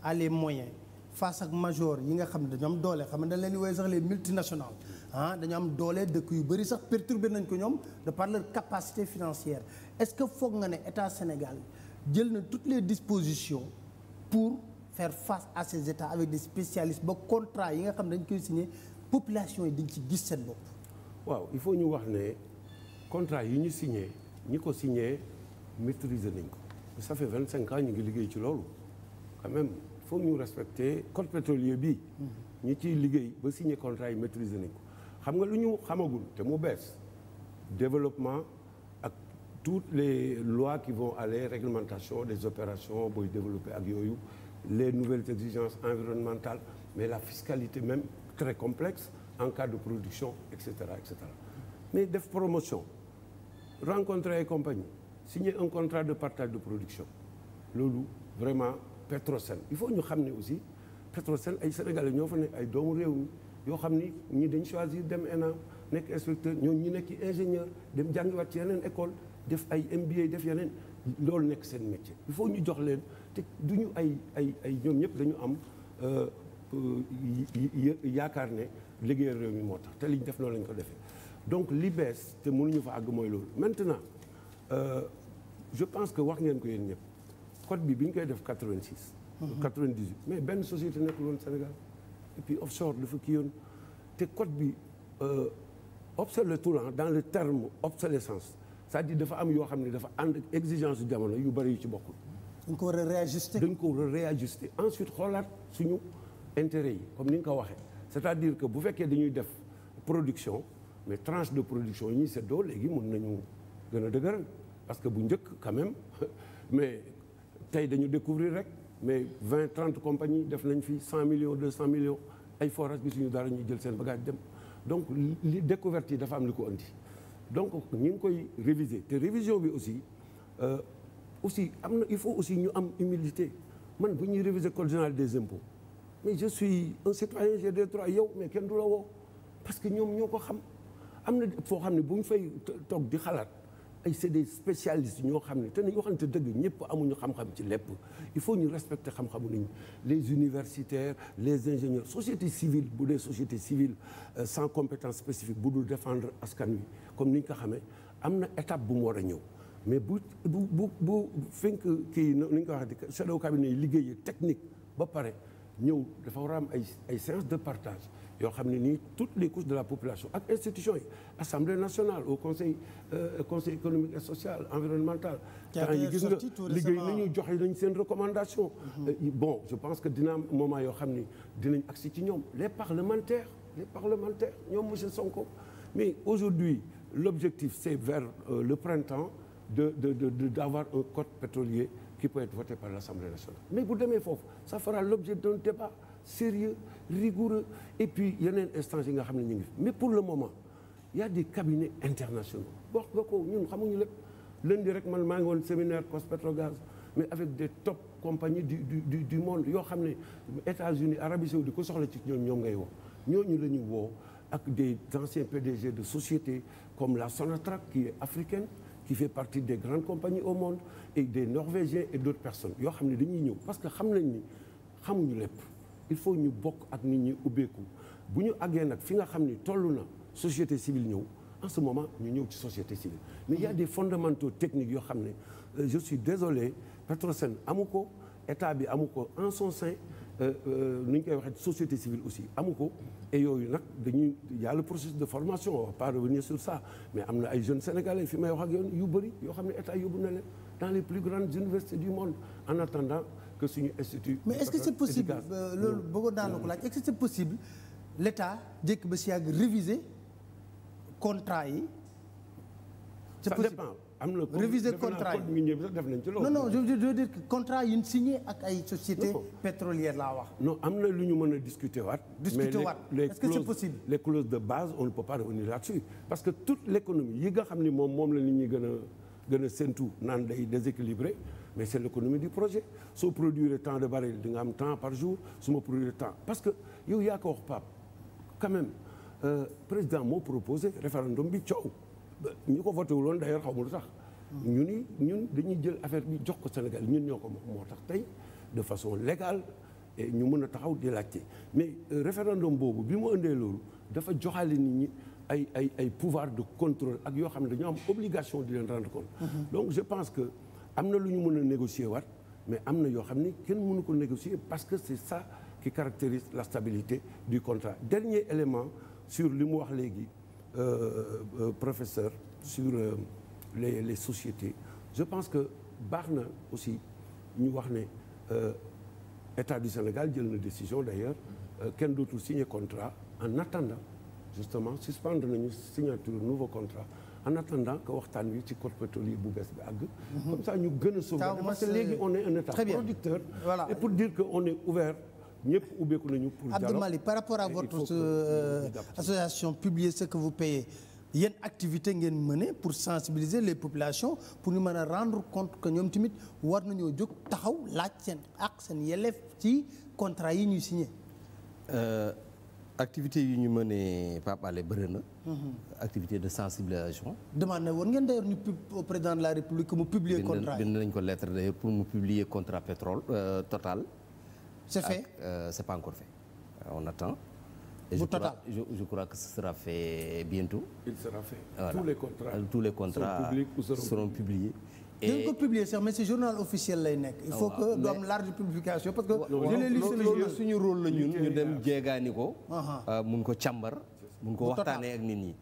a les moyens. face ak major yi nga xam ne dañu am doole xam ne dañ leen di woowee sax les multinationales ah dañu am doole dëkk yu bëri sax perturbé nañ ko ñoom de par capacité financière est-ce que foog nga ne état Sénégal jël na toutes les dispositions pour faire face à ces états avec des spécialistes ba contrat yi nga xam ne dañ koy signé population yi dañ ci gis seen bopp. waaw il faut ñu wax ne contrat yi ñu signé ñi ko signé maîtriser nañ ko safe fait vingt cinq ans ñu ngi liggéey ci loolu foog ñu respecter code pétrolier bi ñi ciy liggéey ba signé contrat yi maîtriser nañ ko nga lu ñu xamagul te mu bees développement ak toutes les lois qui vont les réglementation des opérations booy développer ak yooyu les nouvelles exigences environnementales mais la fiscalité même très complexe en cas de production et cetera mais def promotion rencontrer ay compagnie signer un contrat de partage de production loolu vraiment Petrosen il faut ñu xam ne aussi Petrosen ay sénégale ñoo fa nekk ay doomu réew mi yoo xam ni ñii dañ choisir dem ENA nekk inspecteur ñoom ñu nekk ingénieur dem jàngiwaat ci yeneen école def ay MBA def yeneen loolu nekk seen métier il faut ñu jox leen te du ñu ay ay ay ñoom ñëpp dañu am euh, yaakaar ne liggéeyal réew mi moo tax te liñ def noonu lañ ko defee donc li bees te mënuñu fa àgg mooy loolu maintenant euh, je pense que wax ngeen ko yéen ñëpp code bi bi ñu koy def 86. 98 mhm. mais benn société nekkul woon Sénégal et puis offshore dafa ki yoon te code bi euh, obsolète dans le terme obsolescence c'est-à-dire dafa am yoo xam ne dafa ànd exigence yu jamono yu bëri yu ci bokkul. dañ ko war a réajuster dañ ko war a réajuster ensuite xoolaat suñu intérêt yi comme ni nga ko waxee c'est-à-dire que bu fekkee dañuy def production mais tranche de production yi ñu seddoo léegi mun nañu gën a dëgëral parce que bu njëkk quand même <laughs> mais tey dañu découvrir rek mais vingt trente compagnie def nañ fi cent millions deux cent millions ay forage gisuñu dara ñuy jël seen bagage dem donc li découverti dafa am li ko indi donc ñu ngi koy réviser te révision bi aussi euh, aussi am na il faut aussi ñu am humilité man bu ñuy réviser code général des impôts mais je suis un citoyen j'ai des droits yow mais kenn du la woo parce que ñoom ñoo ko xam am na foo xam ne bu ñu fay toog di xalaat ay c'est des spécialistes ñoo xam ne te nañ waxante dëgg ñëpp amuñu xam-xam ci lépp il faut ñu respecter xam-xamu nañu les universitaires les ingénieurs société civile bu dee société civile euh, sans compétence spécifique bu dul défendre askan wi comme ni ñu ko xamee am na étape bu mu war a ñëw mais bu bu bu bu fink kii ni ñu ko waxee di shadow cabinet yi liggéey technique ba pare ñëw dafa war a am ay ay séance de partage yoo xam ne nii toutes les couches de la population ak institutions yi assemblée nationale au conseil euh, conseil économique et social environnemental. temps yi gis nga liggéey seen recommandation. Mm-hmm. Euh, bon je pense que dina am moment yoo xam ni dinañ agsi ci ñoom les parlementaires les parlementaires ñoom monsieur Sonko mais aujourd'hui l'objectif c'est vers euh, le printemps de de de d'avoir un code pétrolier qui peut être voté par l'Assemblée nationale mais bu demee foofu ça fera l'objet d'un débat sérieux rigoureux et puis yeneen instance yi nga xam ne ñu ngi fi mais pour le moment il y a des cabinets internationaux nga ko ñun xamuñu lépp lundi rek man maa ngi woon séminaire COS Petrogaz mais avec des top compagnies du du monde yoo xam ne États-Unis Arabie Saoudite ko soxla ci ñoom ñoom ngay wo ñooñu la ñu woo ak des anciens PDG de sociétés comme la Sonatrach qui est africaine qui fait partie des grandes compagnies au monde et des Norvégiens et d'autres personnes yoo xam ne dañuy ñëw parce que xam nañ ni xamuñu lépp il faut ñu bokk ak nit ñi ubbeeku bu ñu àggee nag fi nga xam ni toll na société civile ñëw en ce moment ñu ñëw ci société civile mais il y a des fondamentaux techniques yoo xam ne euh, je suis désolé Petrosen amu ko état bi amu ko en son sein euh, euh, nu ñu koy waxee société civile aussi amu ko et yooyu nag dañuy y a le processus de formation on va pas revenir sur ça mais am na ay jeunes sénégalais fi may wax ak yu bëri yoo xam ne état yóbbu na leen dans les plus grandes universités du monde que suñu institut. mais est-ce que c'est possible euh, loolu bëggoon naa la ko laaj est-ce que c'est possible l'État jékki ba si yàgg réviser contrat yi. c'est possible ça am na. réviser contrat yi def nañ ci loolu. non non je veux dire que contrat yi ñu signé ak ay sociétés pétrolières laa wax. no am na lu ñu mën a discuter waat. discuter waat est-ce que c'est possible mais les de base on ne peut pas revenir là-dessus parce que toute l'économie yi nga xam ni moom moom la nit ñi gën a gën a séntu naan day déséquilibré. mais c'est l'économie du projet soo produire tant de baril di nga am tant par jour su ma produire tant parce que yow yaa ko wax Pape quand même euh, président moo proposé référendum bi coow ñu ko voté wuloon d'ailleurs xaw ma lu tax ñu ni ñun dañuy jël affaire bi jox ko Sénégal ñun ñoo ko moom moo tax tey de façon légal et ñu mun a taxaw di laajte mais euh, référendum boobu bi mu indee loolu dafa joxale nit ñi ay ay ay pouvoir de contrôle ak yoo xam ne dañoo am obligation di leen rendre compte mm-hmm. donc je pense que am na lu ñu mën a négocier waat mais am na yoo xam ni kenn mënu ko négocier parce que c'est ça qui caractérise la stabilité du contrat dernier élément sur li mu wax léegi euh, euh, professeur sur euh, les les sociétés je pense que baax na aussi ñu wax ne euh, état du Sénégal jël na décision d'ailleurs kenn dootul signe contrat en attendant justement suspendre nañu signature nouveau contrat en attendant que waxtaan wi ci code pétrolier bu bees bi àgg. Mhm. comme ça ñu gën a sauver parce que léegi on est un état producteur. voilà et pour dire que on est ouvert. ñëpp ubbeeku nañu pour dialogue Abdou Malik par rapport à votre euh, association Publiez ce que vous payez yéen activité ngeen mené pour sensibiliser les populations pour ñu mën a rendre compte que ñoom tamit war nañoo jóg taxaw laaj seen ak seen yelleef ci contrat yi ñu signé. Euh, activité yi ñu mënee Pape Alé bëri na. activité de sensibilisation. demande na woon ngeen d'ailleurs ñu président de la république mu publier contrat bind nañ ko lettre d'ailleurs pour mu publier contrat pétrole euh, total. c'est fait ak euh, c'est pas encore fait euh, on attend. Et je crois, je, je crois que ce sera fait bientôt. Il sera fait. Tous les contrats. Tous les contrats seront, publics publier sax c'est journal officiel lay nekk. il faut ah, que du large publication parce que. loolu suñu role la ñun ñu dem jéegaani ko. mun ko càmbar. mun ko waxtaanee ak nit ñi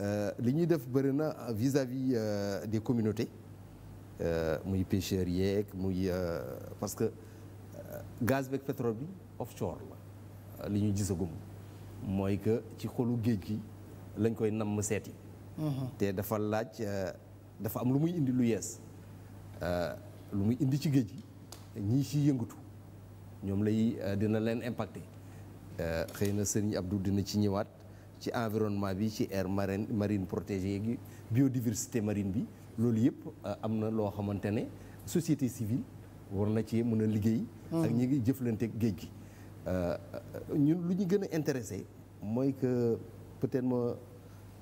euh, li ñuy def bëri na vis-à-vis euh, des communautés euh, muy pêcheurs yeeg muy parce que gaz beeg pétrole bi offshore la li ñu gisagum mooy que ci xolu géej gi lañ koy namm seeti mhm. te dafa laaj dafa am lu muy indi lu yees lu muy indi ci géej gi ñii ciy yëngatu ñoom lay dina leen impacté xëy na sëriñ Abdou dina ci ñëwaat ci environnement bi ci air marine marine protégée gi biodiversité marine bi loolu yëpp euh, am na loo xamante ne société civile war na ci mën a liggéey mm. ak ñi ngi jëflante géej gi euh, ñun lu ñu gën a intéressé mooy que peut-être ma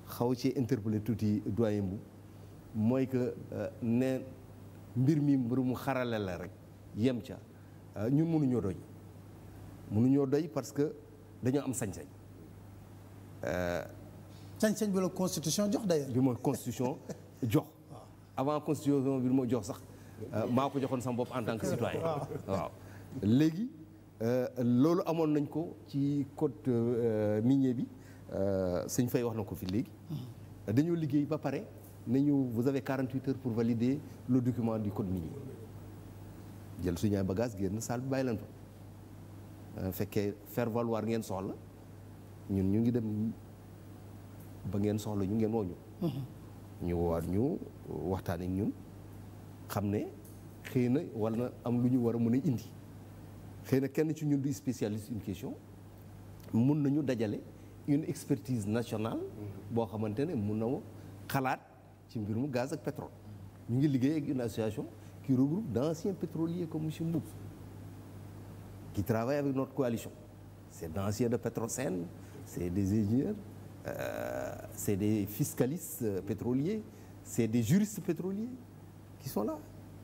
xaw ci interpellé tuuti doyen bu mooy que euh, ne mbir mi mbirum xarale la rek yem ca ñun mënuñoo doy mënuñoo doy parce que dañoo am sañ-sañ Euh, sañ-sañ bi la constitution jox d'ailleurs. bi jox. avant constitution bi ma jox sax euh, maa ko joxoon sama bopp en tant que citoyen ah. waaw léegi euh, loolu amoon nañ ko ci code minier bi sëñ fay wax na ko fi léegi. Hmm. dañoo liggéey ba pare nañu vous avez 48 heures pour valider le document di code minier jël suñu bagage génn salle bi bàyyi leen fekkee faire valoir ngeen soxla. ñun ñu ngi dem ba ngeen soxla ñu ngeen woo ñu. Mm-hmm. ñu woowaat ñu waxtaan ak ñun xam ne xëy na war na am lu ñu war a mun a indi xëy na kenn ci ñu du spécialiste une question mun nañu dajale une expertise nationale. Mm-hmm. boo xamante ne mun na xalaat ci mbirum gaz ak pétrole. ñu ngi liggéey ak une association qui regroupe d'anciens pétroliers comme monsieur Mboup qui travaille avec notre coalition c'est d'anciens de Petrosen c'est des ingénieurs euh, c'est des fiscalistes pétroliers c'est des juristes pétroliers ki sont là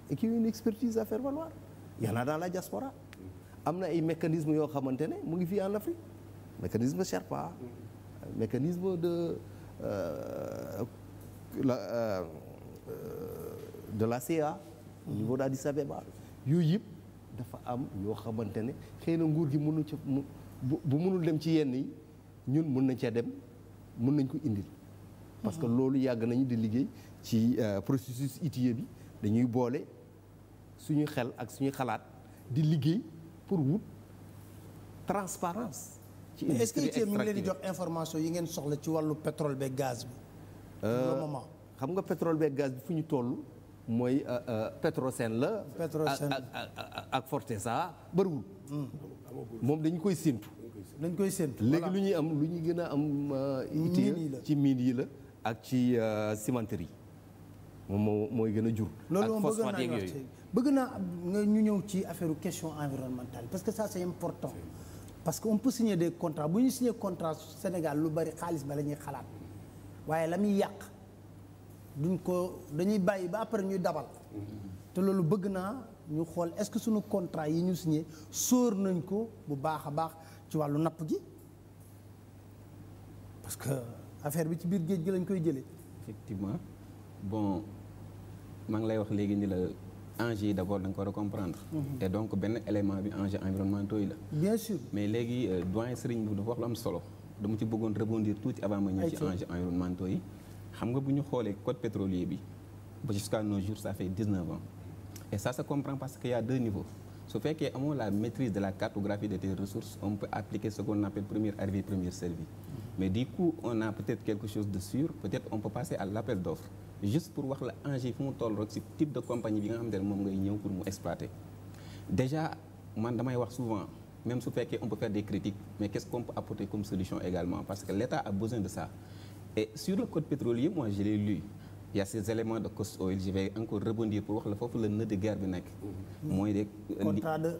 et qui ont une expertise à faire valoir il dans la diaspora am na ay mécanismes yoo xamante ne mu ngi fii en Afrique mécanisme Sherpa mécanisme de euh, la euh, la CA au niveau d'Addis Abeba yooyu yëpp dafa am yoo xamante ne xëy na nguur gi mënu ci bu mënul dem ci yenn yi ñun mun nañ cee dem mun nañ ko indil. parce que mmh. loolu yàgg nañu di liggéey ci euh, processus ITIE bi dañuy boole suñu xel ak suñu xalaat di liggéey pour wut transparence ci est-ce que jox information yi ngeen soxla ci wàllu pétrole beeg gaz bi. Euh, pour moment xam nga pétrole beeg gaz bi fu ñu toll. mooy euh, Petrosen la. Petrosen ak ak Fortesa bëriwul. Mmh. moom dañu koy séntu. dañ koy séntu léegi lu ñuy am lu ñu gën a am. Euh, la ci mines yi la ak ci euh, cimenterie yi moom mooy gën a jur. ak phosphate yeeg bëgg naa nga ñu ñëw ci affaire question environnementale parce que ça c'est important. parce que on peut signer des contrats bu ñu signer contrat Sénégal lu bari xaalis ba la ñuy xalaat waaye la muy yàq duñ ko dañuy bàyyi ba après ñuy dabal te loolu bëgg naa ñu xool est-ce que suñu contrat yi ñu signé soor nañ ko bu baax a baax ci wàllu napp gi parce que affaire bi ci biir géej gi lañ koy jëlee. effectivement bon maa ngi lay wax léegi ni la enjeu yi d' abord da ko war a mhm. et donc benn élément bi enjeu environnementaux yi la. bien sûr mais léegi euh, doyen Serigne bi dafa wax lu am solo dama ci bëggoon rebondir tuuti avant ma ñëw ci enjeu environnementaux yi. xam nga bu ñu xoolee code pétrolier bi ba jusqu'à nos jours ça fait 19 ans et ça se comprend parce que y a su fekkee amoo la maîtrise de la cartographie de tes ressources on peut appliquer ce qu'on appelle premier arrivé premier servi mais du coup on a peut-être quelque chose de sûr peut-être on passer à l'appel d'offres juste pour wax la enjeu fu mu toll si type de compagnie bi nga xam ne moom ngay ñëw pour mu exploiter déjà man damay wax souvent su fekkee on peut faire des critiques mais qu'est-ce qu'on peut apporter que l'État a besoin sur le code pétrolier moi je l'ai lu il y a ces éléments de cost oil je encore rebondir pour wax la foofu la nœud de guerre bi nekk. Mhm. mooy rek contrat de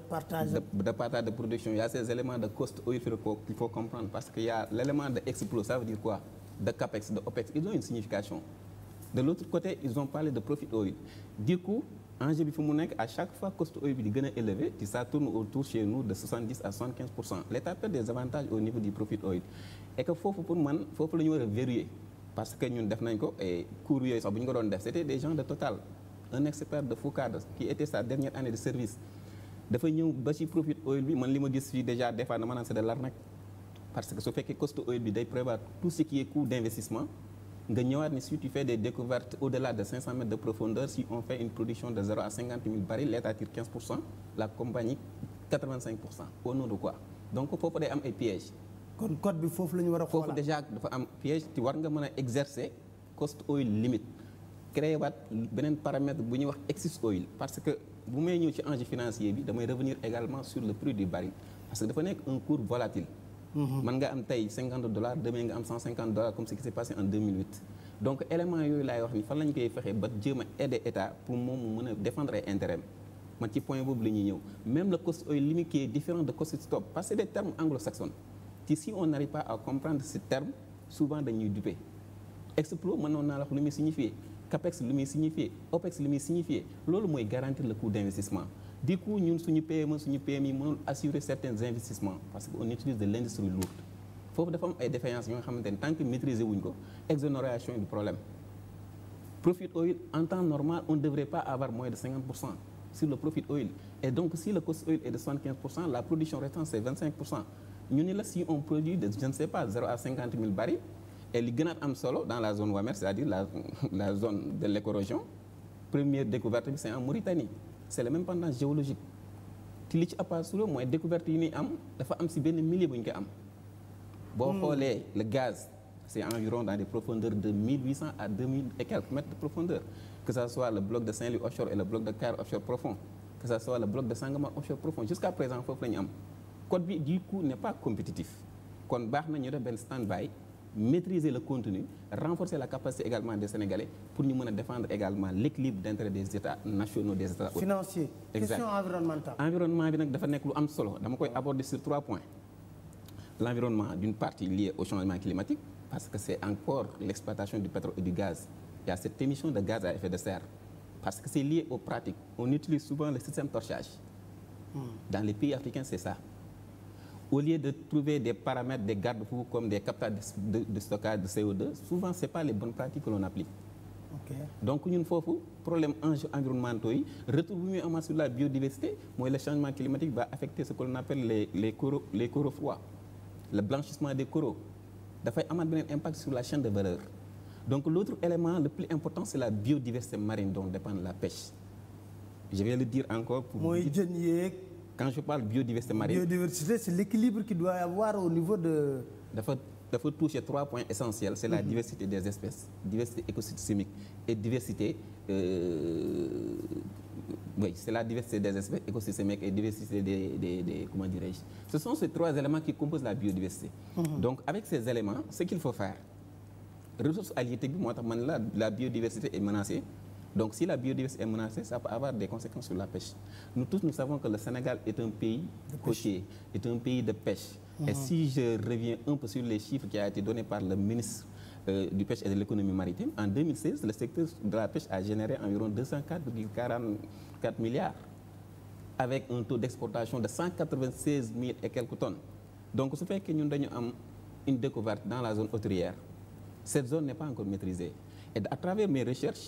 partage de production il ces éléments de cost oil qu'il faut comprendre parce que il y a l'élément de explo ça veut dire quoi de capex de opex ils ont une signification. de l'autre côté ils ont parlé de profit oil du coup enjeu bi fi mu nekk à chaque fois cost oil bi di gën a élevé ci tourne autour chez nous de à l'État perd des avantages au niveau la ñu war parce que ñun def nañ ko et cours yooyu sax bu ñu ko doon def c' des gens de Total un expert de Foucade qui était sa dernière année de service dafa ñëw ba ci profit oil bi man li ma gis fii déjà des fois dama naan c' est de l'arnaque parce que su fekkee cost oil bi day prévoir tout ce qui est coût d' investissement nga ñëwaat ni si tu fais des découvertes au-delà de 500 de profondeur si on fait une production de 0 à 50 la compagnie pour cent kon code bi foofu la ñu war a xoolaat foofu déjà dafa am piège war nga mën a exercer cost oil limite créé waat beneen paramètre bu ñuy wax excess oil parce que bu may ñëw ci enjeu financier bi damay revenir également sur le prix du baril parce que dafa nekk un cours volatile mhm. mën nga am tey cinquante dollars nga am cent cinquante dollars comme ce qui s'est passé en 2008 donc élément yooyu laay wax ni fan lañ koy fexee ba jéem a aider état pour moom mu mën a défendre ay intérêt man la ñuy ñëw même le ci si on n'arrive pas à comprendre ce terme souvent dañuy dupe explo mënoon naa wax lu muy signifier capex lu muy signifier opex lu muy signifier loolu mooy garantir le coût d'investissement du coup ñun suñu PME suñu PMI mënul assurer certains investissements parce que on utilise de l'industrie lourde foofu dafa am ay défaillances nga xamante ne tant que maîtriser wuñ ko exonération du problème profit oil en temps normal on ne pas avoir moins de 50 ñu ni la si on produit de je ne pas zéro à cinquante mille li gën am solo dans la zone Wamer c'est-à-dire la <laughs> la zone de l'écorégion première découverte bi c'est en Mauritanie c'est le même pendant géologique te li ci apasula mooy découverte yi ñuy am dafa am si benn milieu bu ñu ko am boo hmm. xoolee le gaz c'est environ dans des profondeurs de 1800 à 2000 et de profondeur que ça soit le bloc de Saint-Louis offshore profond jusqu'à présent foofu la ñu code bi du coup n'est pas compétitif kon baax na ñu def benn stand-by maîtriser le contenu renforcer la capacité également des Sénégalais pour ñu mën a défendre également l'équilibre d'intérêt des états nationaux des états financier environnement bi nag dafa nekk lu am solo dama koy aborder sur trois points l'environnement d'une partie liée au changement climatique parce que c'est encore l'exploitation du pétrole et du gaz il y a cette émission de gaz que c'est lié aux pratiques on utilise souvent le au lieu de trouver des paramètres, des garde-fous comme des capteurs de, de, de, stockage de CO2, souvent ce n'est pas les bonnes pratiques que l'on applique. Okay. Donc, nous avons problème enjeux environnementaux. Retour sur la biodiversité, moi, le changement climatique va affecter ce que l'on appelle les, les, coraux, les coraux le blanchissement des coraux. dafay fait un impact sur la chaîne de valeur. Donc, l'autre élément le plus important, c'est la biodiversité marine dont dépend la pêche. Je vais le dire encore pour moi, vous. Dire... quand je parle biodiversité marine. biodiversité c'est l'équilibre qu'il doit y avoir au niveau de. dafa dafa toucher trois points essentiels. c'est la mm -hmm. diversité des espèces diversité écosystémique et diversité. Euh, oui c'est la diversité des espèces écosystémiques et diversité des des des comment dirais-je. ce sont ces trois éléments qui composent la biodiversité. Mm -hmm. donc avec ces éléments ce qu'il faut faire ressource halieutique bi moo tax man la la biodiversité est menacée. Donc si la biodiversité est menacée, ça peut avoir des conséquences sur la pêche. Nous tous, nous savons que le Sénégal est un pays côtier, est un pays de pêche. Mm -hmm. Et mhm. si je reviens un peu sur les chiffres qui ont été donnés par le ministre euh, du pêche et de l'économie maritime, en 2016, le de la pêche a généré environ 204,44 milliards, avec un taux d'exportation de 196 000 et quelques tonnes. Donc, dans la zone autrière. Cette zone n'est pas encore Et à travers mes recherches,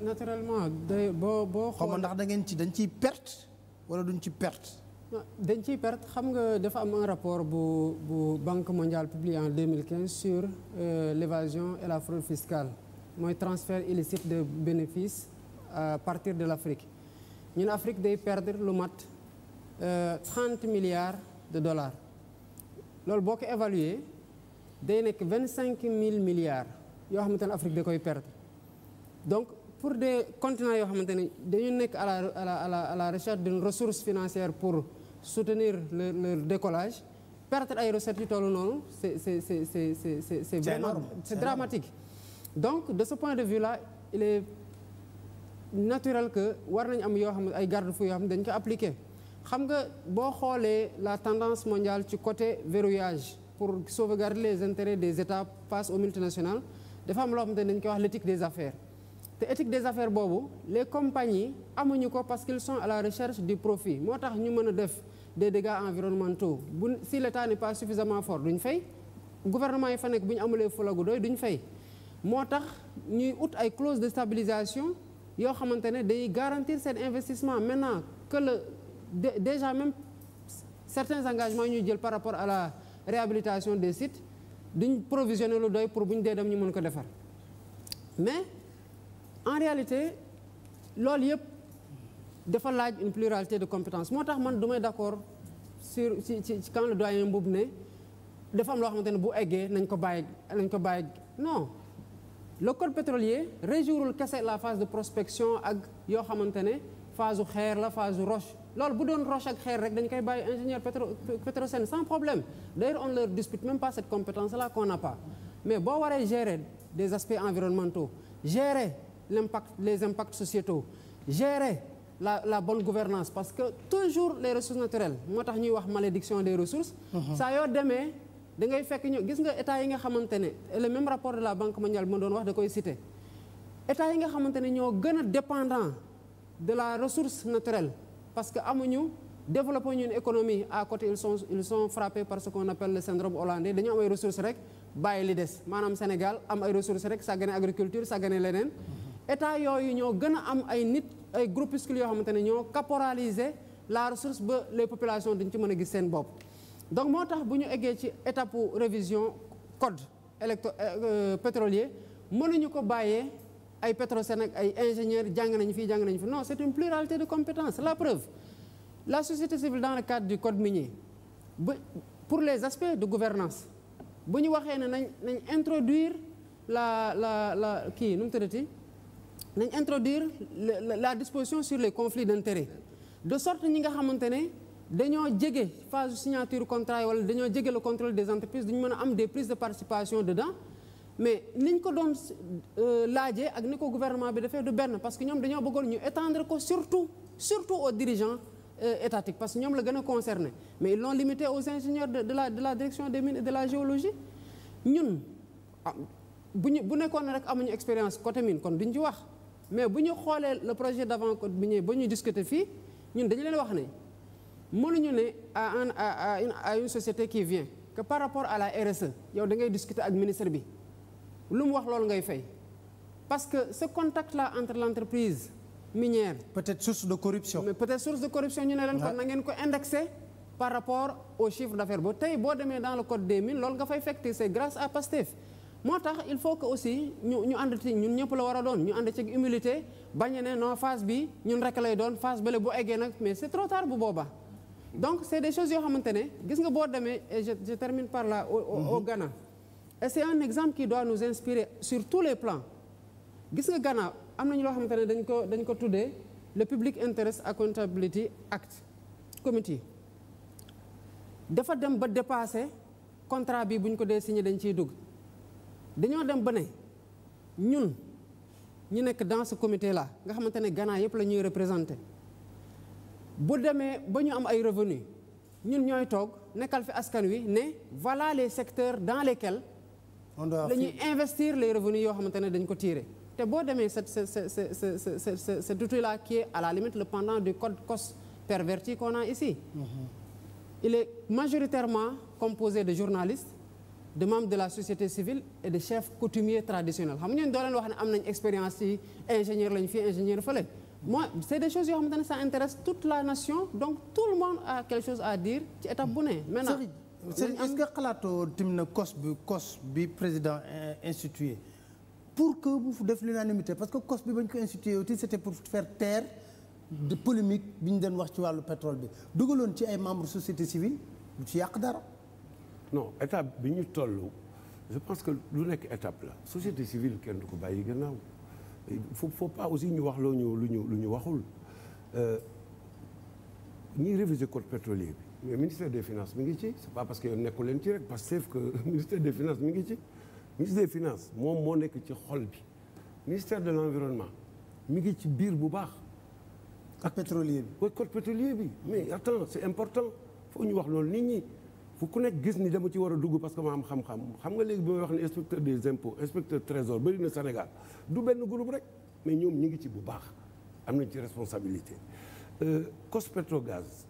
naturellement day boo boo. xaw ndax da ngeen ci dañ ciy perte wala duñ ci perte. dañ ciy perte xam nga dafa am un rapport bu bu banque mondiale publié en 2015 sur euh, l'évasion et la fraude fiscale mooy transfert illicite de bénéfices à partir de l'Afrique ñun Afrique day perdre lu mat euh, trente milliards de dollars loolu boo ko évaluer day nekk vingt cinq mille milliards yoo xamante ne Afrique da koy perdre. donc pour de continents yoo xamante ne dañu nekk à la à la à la à la recherche d'une ressource financière pour soutenir le le décollage perdre ay recettes yu toll noonu c'est c'est c'est c'est c'est c'est c'est vraiment c'est dramatique donc de ce point de vue là il est naturel que war nañu am yoo xam ay garde-fous yoo xam dañ ko appliquer xam nga boo xoolee la tendance mondiale ci côté verrouillage pour sauvegarder les intérêts des États face aux multinationales dafa am loo xamante ne dañ koy wax l'éthique des affaires te éthique des affaires boobu les compagnies amuñu ko parce qu'ils sont à la recherche du profit moo tax ñu mën a def des dégâts environnementaux bu si l'état n'est pas suffisamment fort duñ fay gouvernement yi fa nekk bu ñu amulee fula gu doy duñ fay moo tax ñuy ut ay clause de stabilisation yoo xamante ne day garantir seen investissement maintenant que le déjà même certains engagements ñuy jël par rapport à la réhabilitation des site duñ provisionner lu doy pour bu ñu dee dem ñu mën ko defar en réalité loolu yëpp dafa laaj une pluralité de compétences moo tax man du may d'accord sur ci ci quand le doyen Mbuub ne dafa am loo xamante ne bu eggee nañ ko bàyyi nañ ko bàyyi non le code pétrolier réjourul kese la phase de prospection ak yoo xamante ne phase u xeer la phase u loolu bu doon roche ak xeer rek dañ koy bàyyi ingénieur pétro Petrosen sans problème d'ailleurs on leur dispute même pas cette compétence là qu'on n'a mais boo waree gérer des aspects environnementaux gérer le l'impact, les impacts sociétaux gérer la la bonne gouvernance parce que toujours les ressources naturelles moo tax ñuy wax malédiction des ressources mhm. saa yoo demee da ngay fekk ñu gis nga état yi nga xamante ne le même rapport de la banque mondiale ma doon wax da koy cité état yi nga xamante ne ñoo gën a dépendant de la ressource naturelle parce que amuñu développé ñu une économie à côté ils sont ils sont frappés par ce qu'on appelle le syndrome hollandais dañu am bàyyi li des maanaam Sénégal am ay ressources rek sàggane agriculture sàggane leneen mhm. état yooyu ñoo gën a am ay nit ay groupuscules yoo xamante ne ñoo caporaliser la ressource ba les populations duñ ci mën a gis seen bopp. donc moo tax bu ñu eggee ci étape révision code électro euh, euh, pétrolier mënuñu ko bàyyee ay Petrosen ak ay ingénieurs jàng nañu fii jàng nañu fi non c'est une pluralité de compétence la preuve la société civile dans le cadre du code minier ba pour les aspects de gouvernance bu ñu waxee ne nañ nañ introduire la la la kii nu mu tëddati nañ introduire la disposition sur les conflits d'intérêts de sorte ñi nga xamante ne dañoo jege phase signature contrat yi wala dañoo jege la contrôle des entreprises duñu mën a am des prises de participation dedans mais niñ ko doon euh, laajee ak ni ko gouvernement bi defee du benn parce que ñoom dañoo bëggoon ñu étendre ko surtout surtout aux dirigeants euh, étatiques parce que ñoom la gën a concerné mais ils l'ont limité aux ingénieurs de la de la direction des mines et de la géologie ah, bu ñu nekkoon rek amuñu expérience côté mine kon duñ ci wax mais bu ñu xoolee le projet d'avant-côte bi ñëwee ba ñu discuter fii ñun dañu leen wax ne mënuñu ne à un à une à une société qui vient que par rapport à la RSE yow da ngay discuter ak ministre bi lu mu wax loolu ngay fay parce que ce contact là entre l'entreprise minière. peut-être source de corruption. ñu ne leen kon na ngeen ko indexé par rapport au chiffre d'affaires ba tey boo demee dans le code des mines loolu nga fay fekk c'est grâce à Pastef moo tax il faut que aussi ñu ñu ànd ci ñun ñëpp la war a doon ñu ànd ci humilité bañ ne non phase bi ñun rek lay doon phase bële bu eggee nag mais c'est trop tard bu booba donc c'est des choses yoo xamante ne gis nga boo demee et termine par là au, au, au mm-hmm. Ghana et c'est un exemple qui doit nous inspirer sur les plans gis nga Ghana am nañu loo xamante ne dañ ko dañ ko tuddee le Public Interest Accountability Act committee dafa dem ba dépasser contrat bi buñ ko dee signé dañ ciy dugg dañoo dem ba ne ñun ñu nekk dans ce comité là nga xamante ne Ghana yëpp la ñuy représenté bu demee ba ñu am ay revenus ñun ñooy toog nekkal fi askan wi ne voilà les secteurs dans lesquels la ñuy investir les revenus yoo xamante ne dañ ko tirer te boo demee cet cet cet cet outil là qui est à la limite le pendant du code COS perverti qu'on a ici mm-hmm. il est majoritairement composé de journalistes de membres de la société civile et de chefs coutumiers traditionnels xam ngeen doo leen wax ne am nañ expérience ci ingénieur lañ fii ingénieur fële moi c'est des choses yoo xamante ne ça intéresse toute la nation donc tout le monde a quelque chose à dire ci étape bu ne maintenant Serigne que xalaatoo tim na COS bi bi président institué pour que mu def l'unanimité parce que COS bi bañ ko institué aussi c'était pour faire taire de polémique bi ñu doon wax ci wàllu pétrole bi dugaloon ci ay membres société civile du yàq dara non étape bi ñu toll je pense que lu nekk étape la société civile kenn du ko bàyyi gannaaw il faut faut pas aussi ñu wax loo ñu lu ñu lu ñu waxul euh, ñuy réviser code pétrolier bi mais ministère des finance mi ngi ci c'est que yoon leen ci rek parce que <laughs> ministère des finances ngi ci ministère des finances moom moo nekk ci xol bi ministère de l'environnement mi ngi ci biir bu baax ak pétrolier bi oui code pétrolier bi mais attends c'est important foo ñu wax loolu nit ñi fu ku nekk gis ni dama ci war a dugg parce que ma am xam-xam xam nga léegi bi may wax ne inspecteur des impôts inspecteur trésor bëri na Sénégal du benn group rek mais ñoom ñu ngi ci bu baax am nañ ci responsabilité euh, Cospetrogaz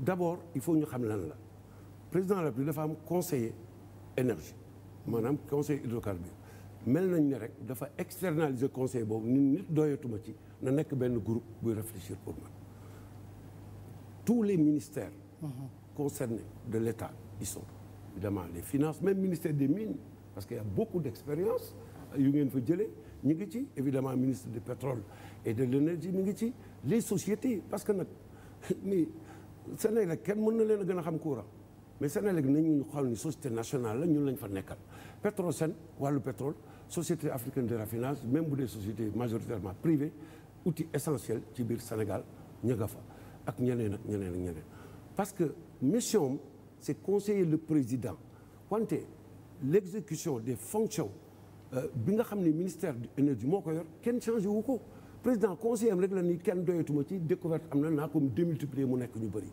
d'abord il faut ñu xam lan la président de la République dafa am conseiller énergie maanaam conseiller bi mel nañ ne rek dafa externaliser conseil boobu nit doyatuma ci na nekk benn groupe buy réfléchir pour man tous les ministères mm-hmm. concernés de l'État, ils sont évidemment les finances, même le ministère des Mines, parce que y a beaucoup d'expérience yu ngeen fa jëlee ñu ngi ci évidemment ministre du pétrole et de l'énergie mi ngi ci les sociétés parce que nag <laughs> mais Sénégal kenn mën na leen a gën a xam courant mais Sénégal nañu xool ne société nationale la ñun lañu fa nekkal Petrosen wàllu pétrole société africaine de finance même bu dee société majoritairement privée outil essentiel ci biir Sénégal ñu fa ak ñeneen ak ñeneen ak mission c'est conseiller le président wante l'exécution des fonctions euh, bi nga xam ne ministère de l'énergie moo ko yor kenn changé wu ko président conseiller am rek la ni kenn doyatuma ci découverte am na naa ko démultiplier mu nekk ñu bëri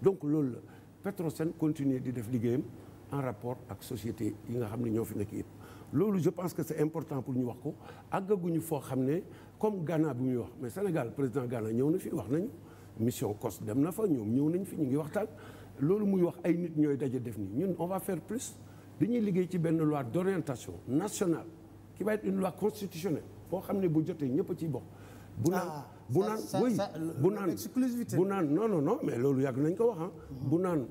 donc loolu la Petrosen continuer di def liggéeyam en rapport ak société yi nga xam ni ñoo fi nekk yëpp loolu je pense que c'est important pour ñu wax ko àggaguñu foo xam ne comme Ghana bi muy wax mais Sénégal président Ghana ñëw na fi wax nañu mission COS dem na fa ñoom ñëw nañ fi ñu ngi waxtaan loolu muy wax ay nit ñooy daje def nii ñun on va faire plus dañuy liggéey ci benn loi d'orientation nationale qui va être une loi constitutionnelle boo xam ne bu jotee ñëpp a ciy bokk. bu naan ah, bu naan oui bu naan exclusivité bu naan non non non mais loolu yàgg nañ ko wax ah. bu naan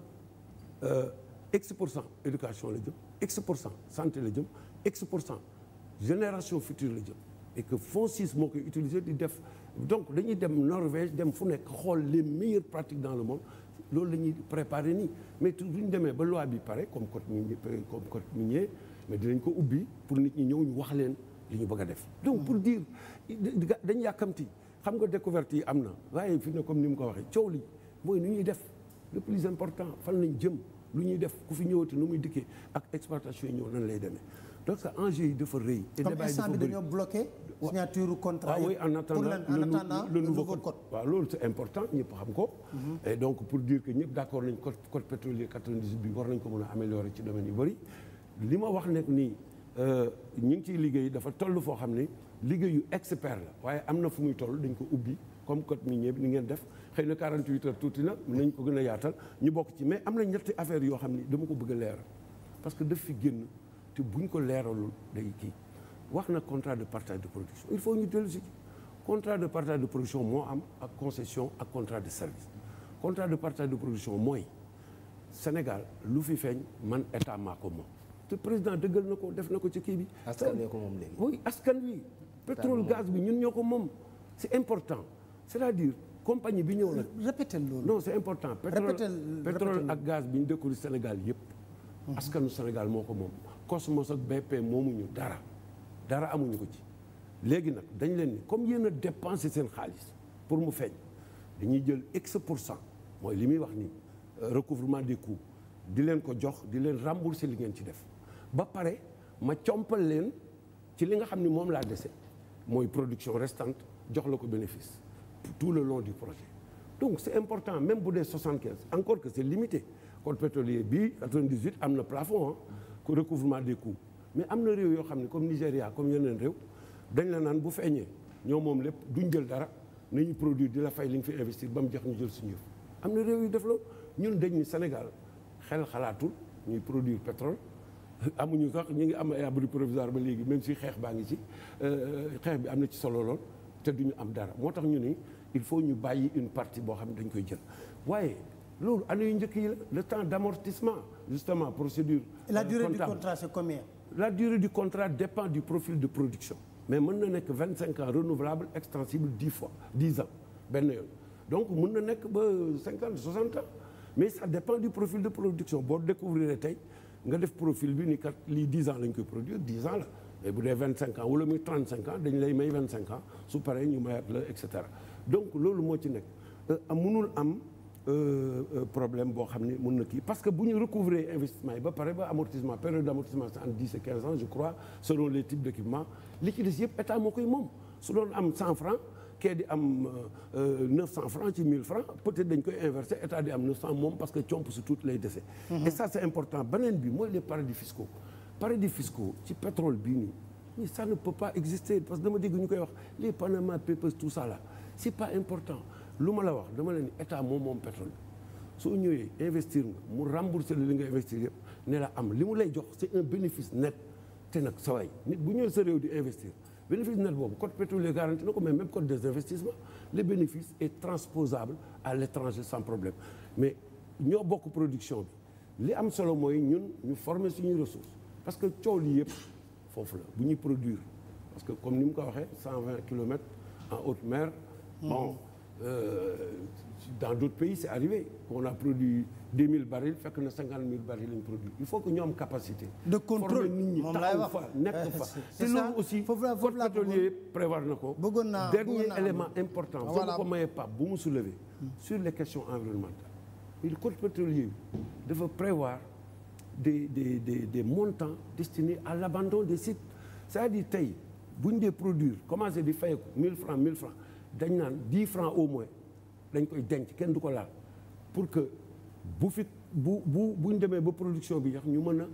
euh, x pour cent éducation la jëm x pour cent santé la jëm x pour cent génération future la jëm. et que FONSIS moo koy utiliser di def donc dañuy dem Norvège dem fu nekk xool leen meilleures pratiques dans le monde. loolu la ñuy préparé nii mais bu ñu demee ba loi bi pare comme code minier comme code minier mais dinañ ko ubbi pour nit ñi ñëw ñu wax leen li ñu bëgg a def. donc pour dire dañ yàkkamti xam nga découverte yi am na waaye fi ne comme ni mu ko waxee coow li mooy nu ñuy def le plus important fan lañ jëm. lu ñuy def ku fi ti nu muy dikkee ak exploitation yi ñëw nan lay demee donc enjeu yi dafa rëy. te dafa bëri contrat ah yi ah oui en attendant le nouveau, nouveau code waaw loolu c'est ñëpp xam ko. Mhm. et pour dire ñëpp d'accord nañ code code pétrolier bi war nañ ko mën a améliorer ci domaine yu bëri li ma wax nag nii. Euh, ñi ngi ciy liggéey dafa toll foo xam ne liggéeyu expert la waaye am na fu muy toll dañ ko ubbi comme code minier bi ni ngeen def xëy na 48 heures tuuti na nañ ko gën a yaatal ñu bokk ci mais am na ñetti affaire yoo xam ni dama ko bëgg a leeral parce que daf fi génn te buñ ko leeralul day kii wax na contrat de partage de production il faut ñu dellu si contrat de partage de production moo am ak concession ak contrat de service contrat de partage de production mooy Sénégal lu fi feeñ man état maa ko moom te président dëggal na ko def na ko ci kii bi. askan wi ko moom léegi. oui askan wi. pétrole gaz bi ñun ñoo ko moom c'est important c'est-à-dire. compagnie bi ñëw nag. répété loolu non c'est important. répété pétrole ak gaz bi ñu dëkkul Sénégal yépp mhm. askanu Sénégal moo ko moom. Cosmos ak BP moomuñu dara dara amuñu ko ci. léegi nag dañ leen ni comme yéen a seen xaalis pour mu feeñ dañuy jël x pour mooy li muy wax ni euh, recouvrement des coûts di leen ko jox di leen rembourser li ngeen ci def ba pare ma compal leen ci li nga xam ni moom laa dese mooy production restante jox la ko bénéfice. tout le long du projet donc c'est important même bu dee 75 encore que c'est limité code pétrolier bi 98 am na plafond ah recouvrement des coûts mais am na réew yoo xam ne comme Nigéria comme yeneen réew dañ la naan bu feeñee ñoo moom lépp duñ jël dara nañu produire di la fay li nga fi investir ba mu jox ñu jël suñu yëf am na réew yu def la ñun dañ ñu Sénégal xel xalaatul ñuy produire pétrole <laughs> amuñu sax ñu ngi am ay provisoire ba léegi même si xeex baa ngi ci euh, xeex bi am na ci solo lool te duñu am dara moo tax ñu ni il faut ñu bàyyi une partie boo xam ne dañ koy jël waaye loolu année yu njëkk yi la le temps d'amortissement justement procédure la euh, durée du contrat c'est combien la durée du dépend du profil de production mais mën na nekk vingt cinq ans renouvelable extensible dix fois dix ans benn yoon donc mën na nekk ba cinquante soixante ans mais ça dépend du profil de production boo découvrir tey nga def profil bi ni kat lii dix ans lañ koy produire dix ans la mais bu dee vingt cinq ans wala muy trente cinq dañ lay may vingt cinq ans paree ñu mayaat la et cetera donc loolu moo ci nekk euh, mënul am euh, euh, problème boo xam ne mën na kii parce que bu ñu recouvrer investissement yi ba pare ba amortissement période d' amortissement c'est entre dix et quinze ans je crois selon les types d' équipement li ci des yëpp état moo koy moom su doon am cent franc kee di am moom parce que comp tout tuuti lay dese. et ça c' est important beneen bi mooy les paradis fiscaux paradis fiscaux ci pétrole bii nii mais ça ne peut pas exister parce que dama dégg ñu koy wax les ça là c'est pas important lu ma la wax dama leen état moom moom pétrole soo ñëwee investir nga mu rembourser la li nga investir yëpp ne am li mu lay jox c'est un bénéfice net te nag saway nit bu ñëwee sa réew di investir bénéfice net boobu code pétrolier garanti na ko mais même code des investissements le bénéfice est transposable à l'étranger sans problème mais ñoo bokk production bi li am solo mooy ñun ñu former suñuy ressources parce que coow li yëpp foofu la bu ñuy produire parce que comme ni mu ko waxee cent vingt kilomètres en haute mer bon euh, dans d'autres pays c'est arrivé qu'on a produit 2000 barils fekk na 50 000 barils lañ produit il faut que ñu am capacité. de contrôle moom laay wax fa nekk eh, aussi foofu la foofu la prévoir na ko. bëggoon naa dernier élément important. voilà ko mayee Pape bu mu soulever. Hmm. sur les questions environnementales. le code pétrolier dafa prévoir des des des des montants destinés à l'abandon des sites c'est-à-dire tey bu ñu dee produire commencé di fayeku mille francs mille francs. dañ naan dix francs au moins dañ koy denc kenn du ko laa pour que bu fit bu bu bu ñu demee ba production bi yax ñu mën a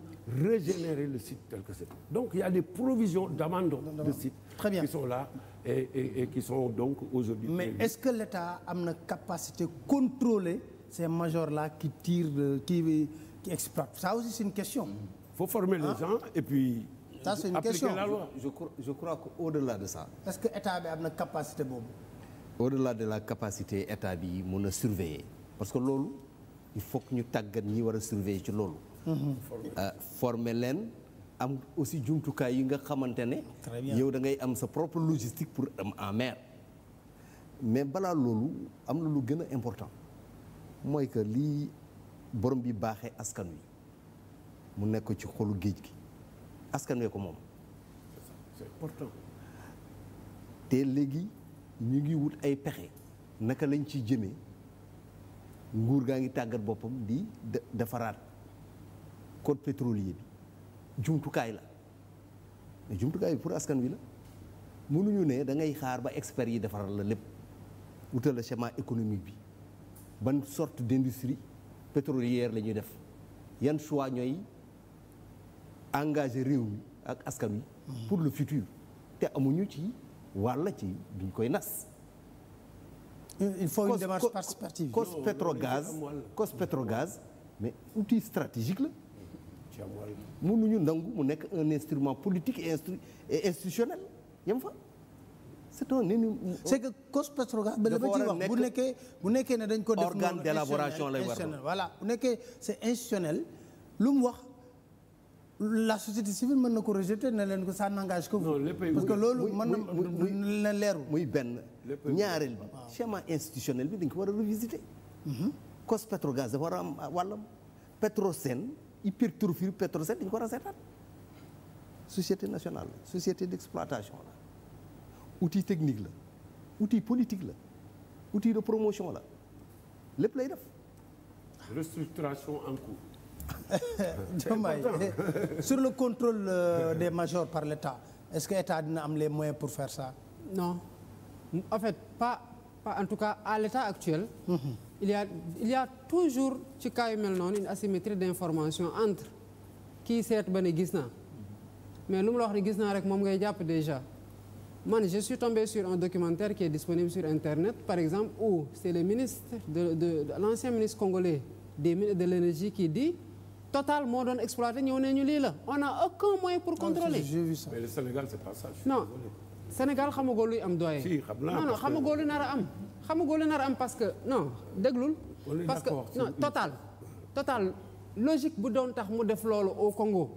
régénérer le site tel que c'est donc il y a des provisions d'amende de site très bien mais est-ce que l'État am na capacité controler ces majors là qui tirent qui qui exploitent ça aussi c'est une question faut former ah. les gens et puis ça la loi. je, je crois, je crois qu'au-delà de ça est-ce que État bi am na capacité boobu au la de la capacité état bi mun a surveiller parce que loolu il faut que ñu tàggat ñi war a surveiller ci loolu. Mhm. Euh, former leen am aussi jumtukaay yi nga xamante ne. yow da ngay am sa propre logistique pour am en mer. mais balaa loolu am na lu gën a important mooy que lii borom bi baaxee askan wi mu nekk ci xolu géej gi askan wee ko moom. c'est te léegi. ñu ngi wut ay pexe naka lañ ciy jëmee nguur gaa ngi tàggat boppam di defaraat kon pétrolier bi jumtukaay la mais jumtukaay bi pour askan wi la mënuñu ne da ngay xaar ba experts yi defaral la lépp wutal la schéma économique bi ban sorte d'industrie pétrolière la ñuy def yan choix ñooy engagé réew mi ak askan wi pour le futur te amuñu ci wàll ci duñ koy nas. il faut une démarche participative. cos pétrogaz cos pétrogaz mais outil stratégique la. ñu nangu mu nekk un instrument politique et instru et institutionnel yem fa. c'est un énu. c'est que cos pétrogaz ba dafa ci wax bu nekkee bu nekkee ne dañ ko def. organe d'élaboration lay war voilà bu nekkee c'est institutionnel lu mu wax. la société civile mën na ko rejeter ne leen ko ça n'engage que vous. parce que loolu mën na na leerul. muy benn ñaareel bi. schéma institutionnel bi dañ ko war a revisiter. Mhm. cos Petrogaz dafa war a am i Petrosen hypertrophie Petrosen dañ ko war a seetaat. société nationale la société d'exploitation la outil technique la outil politique la uti de promotion la lépp lay def. restructuration <laughs> Diomaye eh, sur le contrôle euh, des majors par l'État est-ce que État dina am les moyens pour faire ça non en fait pas pas en tout cas à l'état actuel mm -hmm. il y toujours ci cas yu mel noonu une asymétrie d'information entre kii seet ba ne gis naa mais lu mu la wax ne gis naa rek moom ngay jàpp déjà man je suis tombé sur un documentaire qui disponible sur internet par exemple où c'est le ministre de de, de l'ancien ministre congolais des mines et de l'énergie qui dit Total moo doon exploité ñëw ñu lii la on a aucun moyen pour ah, contrôler. j'ai vu ça mais le Sénégal c'est pas ça. non Sénégal xamagoo luy am doyen. si xam naa non non xamagoo lu nar am. xamagoo lu nar am parce que non déglul. parce que non Total. Total logique bu doon tax mu def loolu au Congo.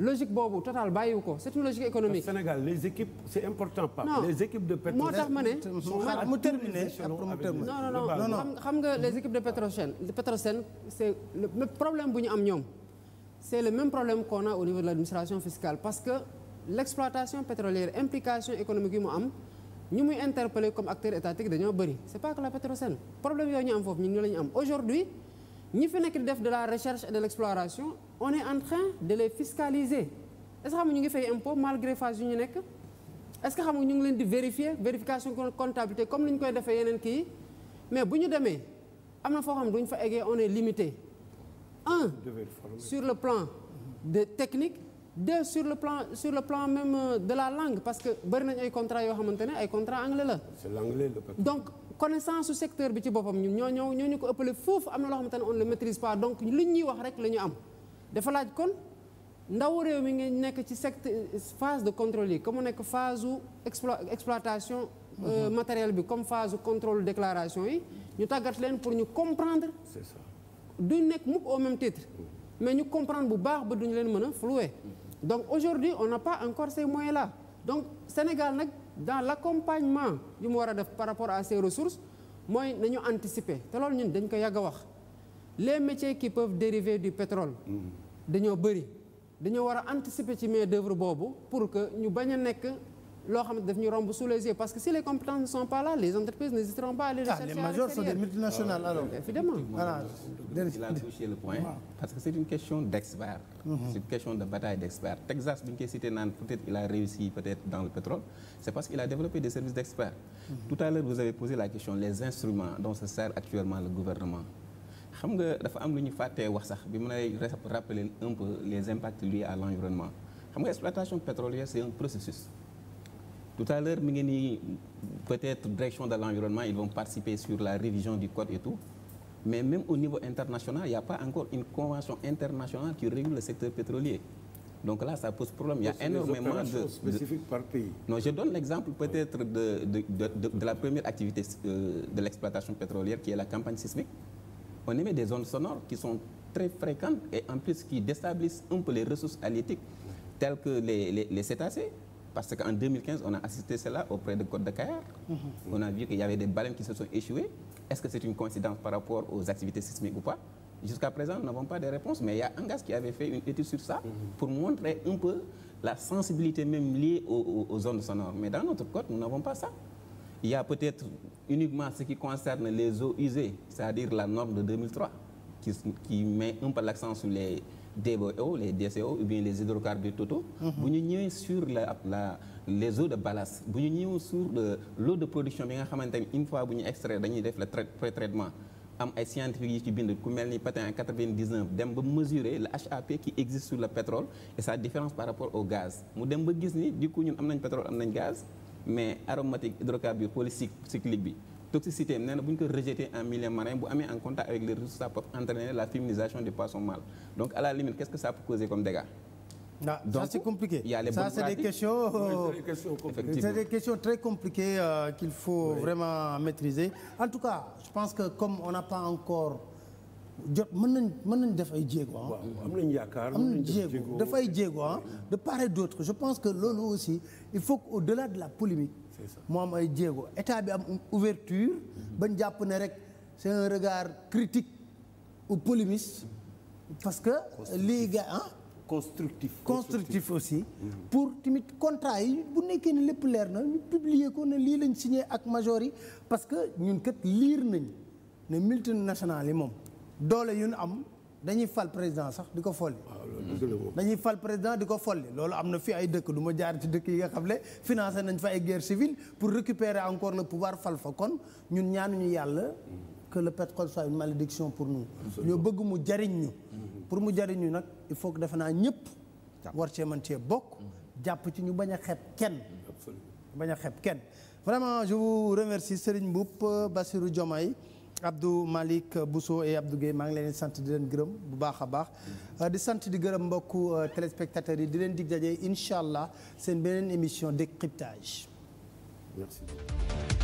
logique boobu Total bàyyiwu ko c'est une logique économique. Sénégal les équipes c'est important pas. non les équipes de Petro. moo tax ma ne mu terminer non non non xam nga les équipes de Petrosen Petrosen c'est le problème bu ñu am ñoom. c'est le même problème qu'on a au niveau de l'administration fiscale parce que l'exploitation pétrolière implication économique yi mu am ñu muy interpeller comme acteur étatique dañoo bëri c'est pas que la Petrosen problème yooyu ñu am foofu ñu la am aujourd'hui ñi fi nekk de on est en train de les fiscaliser est-ce ñu ngi fay impôt malgré phase yu ñu nekk est-ce que xam nga ñu ngi leen di vérifier vérification comptabilité comme ni ñu koy defee yeneen kii mais bu ñu demee am na foo xam ne duñ fa egee on est limité un sur le plan de technique deux sur le plan même euh, de la langue parce que bëri nañ ay contrat yoo xamante ne ay contrat anglais la donc connaissance su secteur bi ci boppam ñun ñoo ñoo ñoo ñu ko ëppale foofu am na loo xamante on ne wax rek la ñu am dafa kon ndaw réew mi ngi nekk ci secteur phase de contrôle yi comme mu nekk phase u exploitation euh, mhm. matériel bi comme phase contrôle déclaration yi ñu tàggat leen pour ñu comprendre du nekk mukk au même titre mais ñu comprendre bu baax ba duñu leen mën a flouer donc aujourd'hui on n'a pas encore ces moyens la donc Sénégal nag dans l'accompagnement yu mu war a def par rapport à ces ressources mooy nañu anticiper te loolu ñun dañ ko yàgg a wax les métiers qui peuvent dériver du pétrole dañoo bëri dañoo war a ci main d'œuvre boobu pour que ñu bañ nekk loo xam ne ñu romb sous parce que si les compétences ne sont pas les entreprises n'hésiteront pas ah, les rechercher ah, les majors sont des euh, évidemment mhm. il a réussi peut-être dans le pétrole c'est parce qu'il a développé des services d'experts mhm. tout à l'heure vous avez posé la question les instruments dont se sert actuellement xam nga dafa am lu ñu fàttee wax sax bi mën ay rappeler un les impacts liés à l'environnement xam nga exploitation pétrolière c'est un processus tout à l'heure mi ngi nii peut-être direction de l'environnement ils vont participer sur la révision du code et tout mais même au niveau international il y a pas encore une convention internationale qui régule le secteur pétrolier donc là ça pose problème il y a énormément de spécifiques par pays de la première activité euh, de l'exploitation pétrolière qui est la campagne sismique on émet des ondes sonores qui sont très fréquentes et en plus qui déstabilisent un peu les ressources halieutiques telles que les, les, les cétacés. Parce qu'en 2015, on a assisté cela auprès de Côte de Caillard. Mm -hmm. On a vu qu'il y avait des baleines qui se sont échouées. Est-ce que c'est une coïncidence par rapport aux activités sismiques ou pas Jusqu'à présent, nous n'avons pas de réponse, mais il y a Angas qui avait fait une étude sur ça mm -hmm. pour montrer un peu la sensibilité même liée aux, aux, aux ondes sonores. Mais dans notre côte, nous n'avons pas ça. il y peut-être uniquement ce qui concerne les eaux usées, cest dire la norme de 2003, qui, qui met un peu l'accent sur les DBO, les DCO, ou bien les hydrocarbures totaux. Mm-hmm. bu ñu ñëwee sur la la les eaux de ballast bu ñu ñëwee sur l'eau de production bi nga xamante ni une fois bu ñu extrait dañuy def le traitement am ay scientifique yi ci bind ku mel ni Patin en 99 dem ba mesurer le HAP qui existe sur le pétrole et sa différence par rapport au gaz mu dem ba gis ni du coup am nañ pétrole am nañ gaz. mais aromatique hydrocarbure polycyclique bi toxicité am nee na bu ñu ko rejeté en milieu marin bu amee en contact avec les ressources ça peut entraîner la féminisation du poisson mâle donc à la limite qu'est-ce que ça peut causer comme dégâts. Ah, donc ça c'est compliqué euh, qu'il faut vraiment maîtriser en tout cas je pense que comme on n'a pas encore jot mën na mën nañ def ay jéego ah. am nañ yaakaar am nañ jéego dafay de part d'autre je pense que loolu aussi. il faut que au delà de la polémique moo am ay jéego état bi am ouverture bañ jàpp ne rek c'est un regard critique ou polémiste parce que lii ga ah constructif constructif aussi mm-hmm. pour tamit contrat yi bu nekkee ne lépp leer na ñu publier ko ne lii lañ signe ak major yi parce que ñun kat liir nañ ne multinationales yi moom doole yu ñu am dañuy fal président sax di ko folli ah, dañuy fal président di ko folli loolu am na fi ay dëkk du ma jaar ci dëkk yi nga xam ne financé nañ fa ay guerre civile pour récupérer encore le pouvoir fal fa kon ñun ñaanuñu yàlla que le pétrole soit une malédiction pour nous ñoo bëgg mu jariñ ñu mm-hmm. pour mu jariñ ñu nag il faut que defe naa ñëpp war cee mën cee bokk mm-hmm. jàpp ci ñu bañ a xeeb kenn bañ a xep kenn vraiment je vous remercie Serigne Mboup Bassirou Diomaye Abdou Malick Bousso et Abdou Guèye maa ngi leen sant di leen gërëm bu baax a baax euh, di sant di gërëm mbokku euh, téléspectateurs yi di leen dig daje incha allah seen beneen émission décryptage merci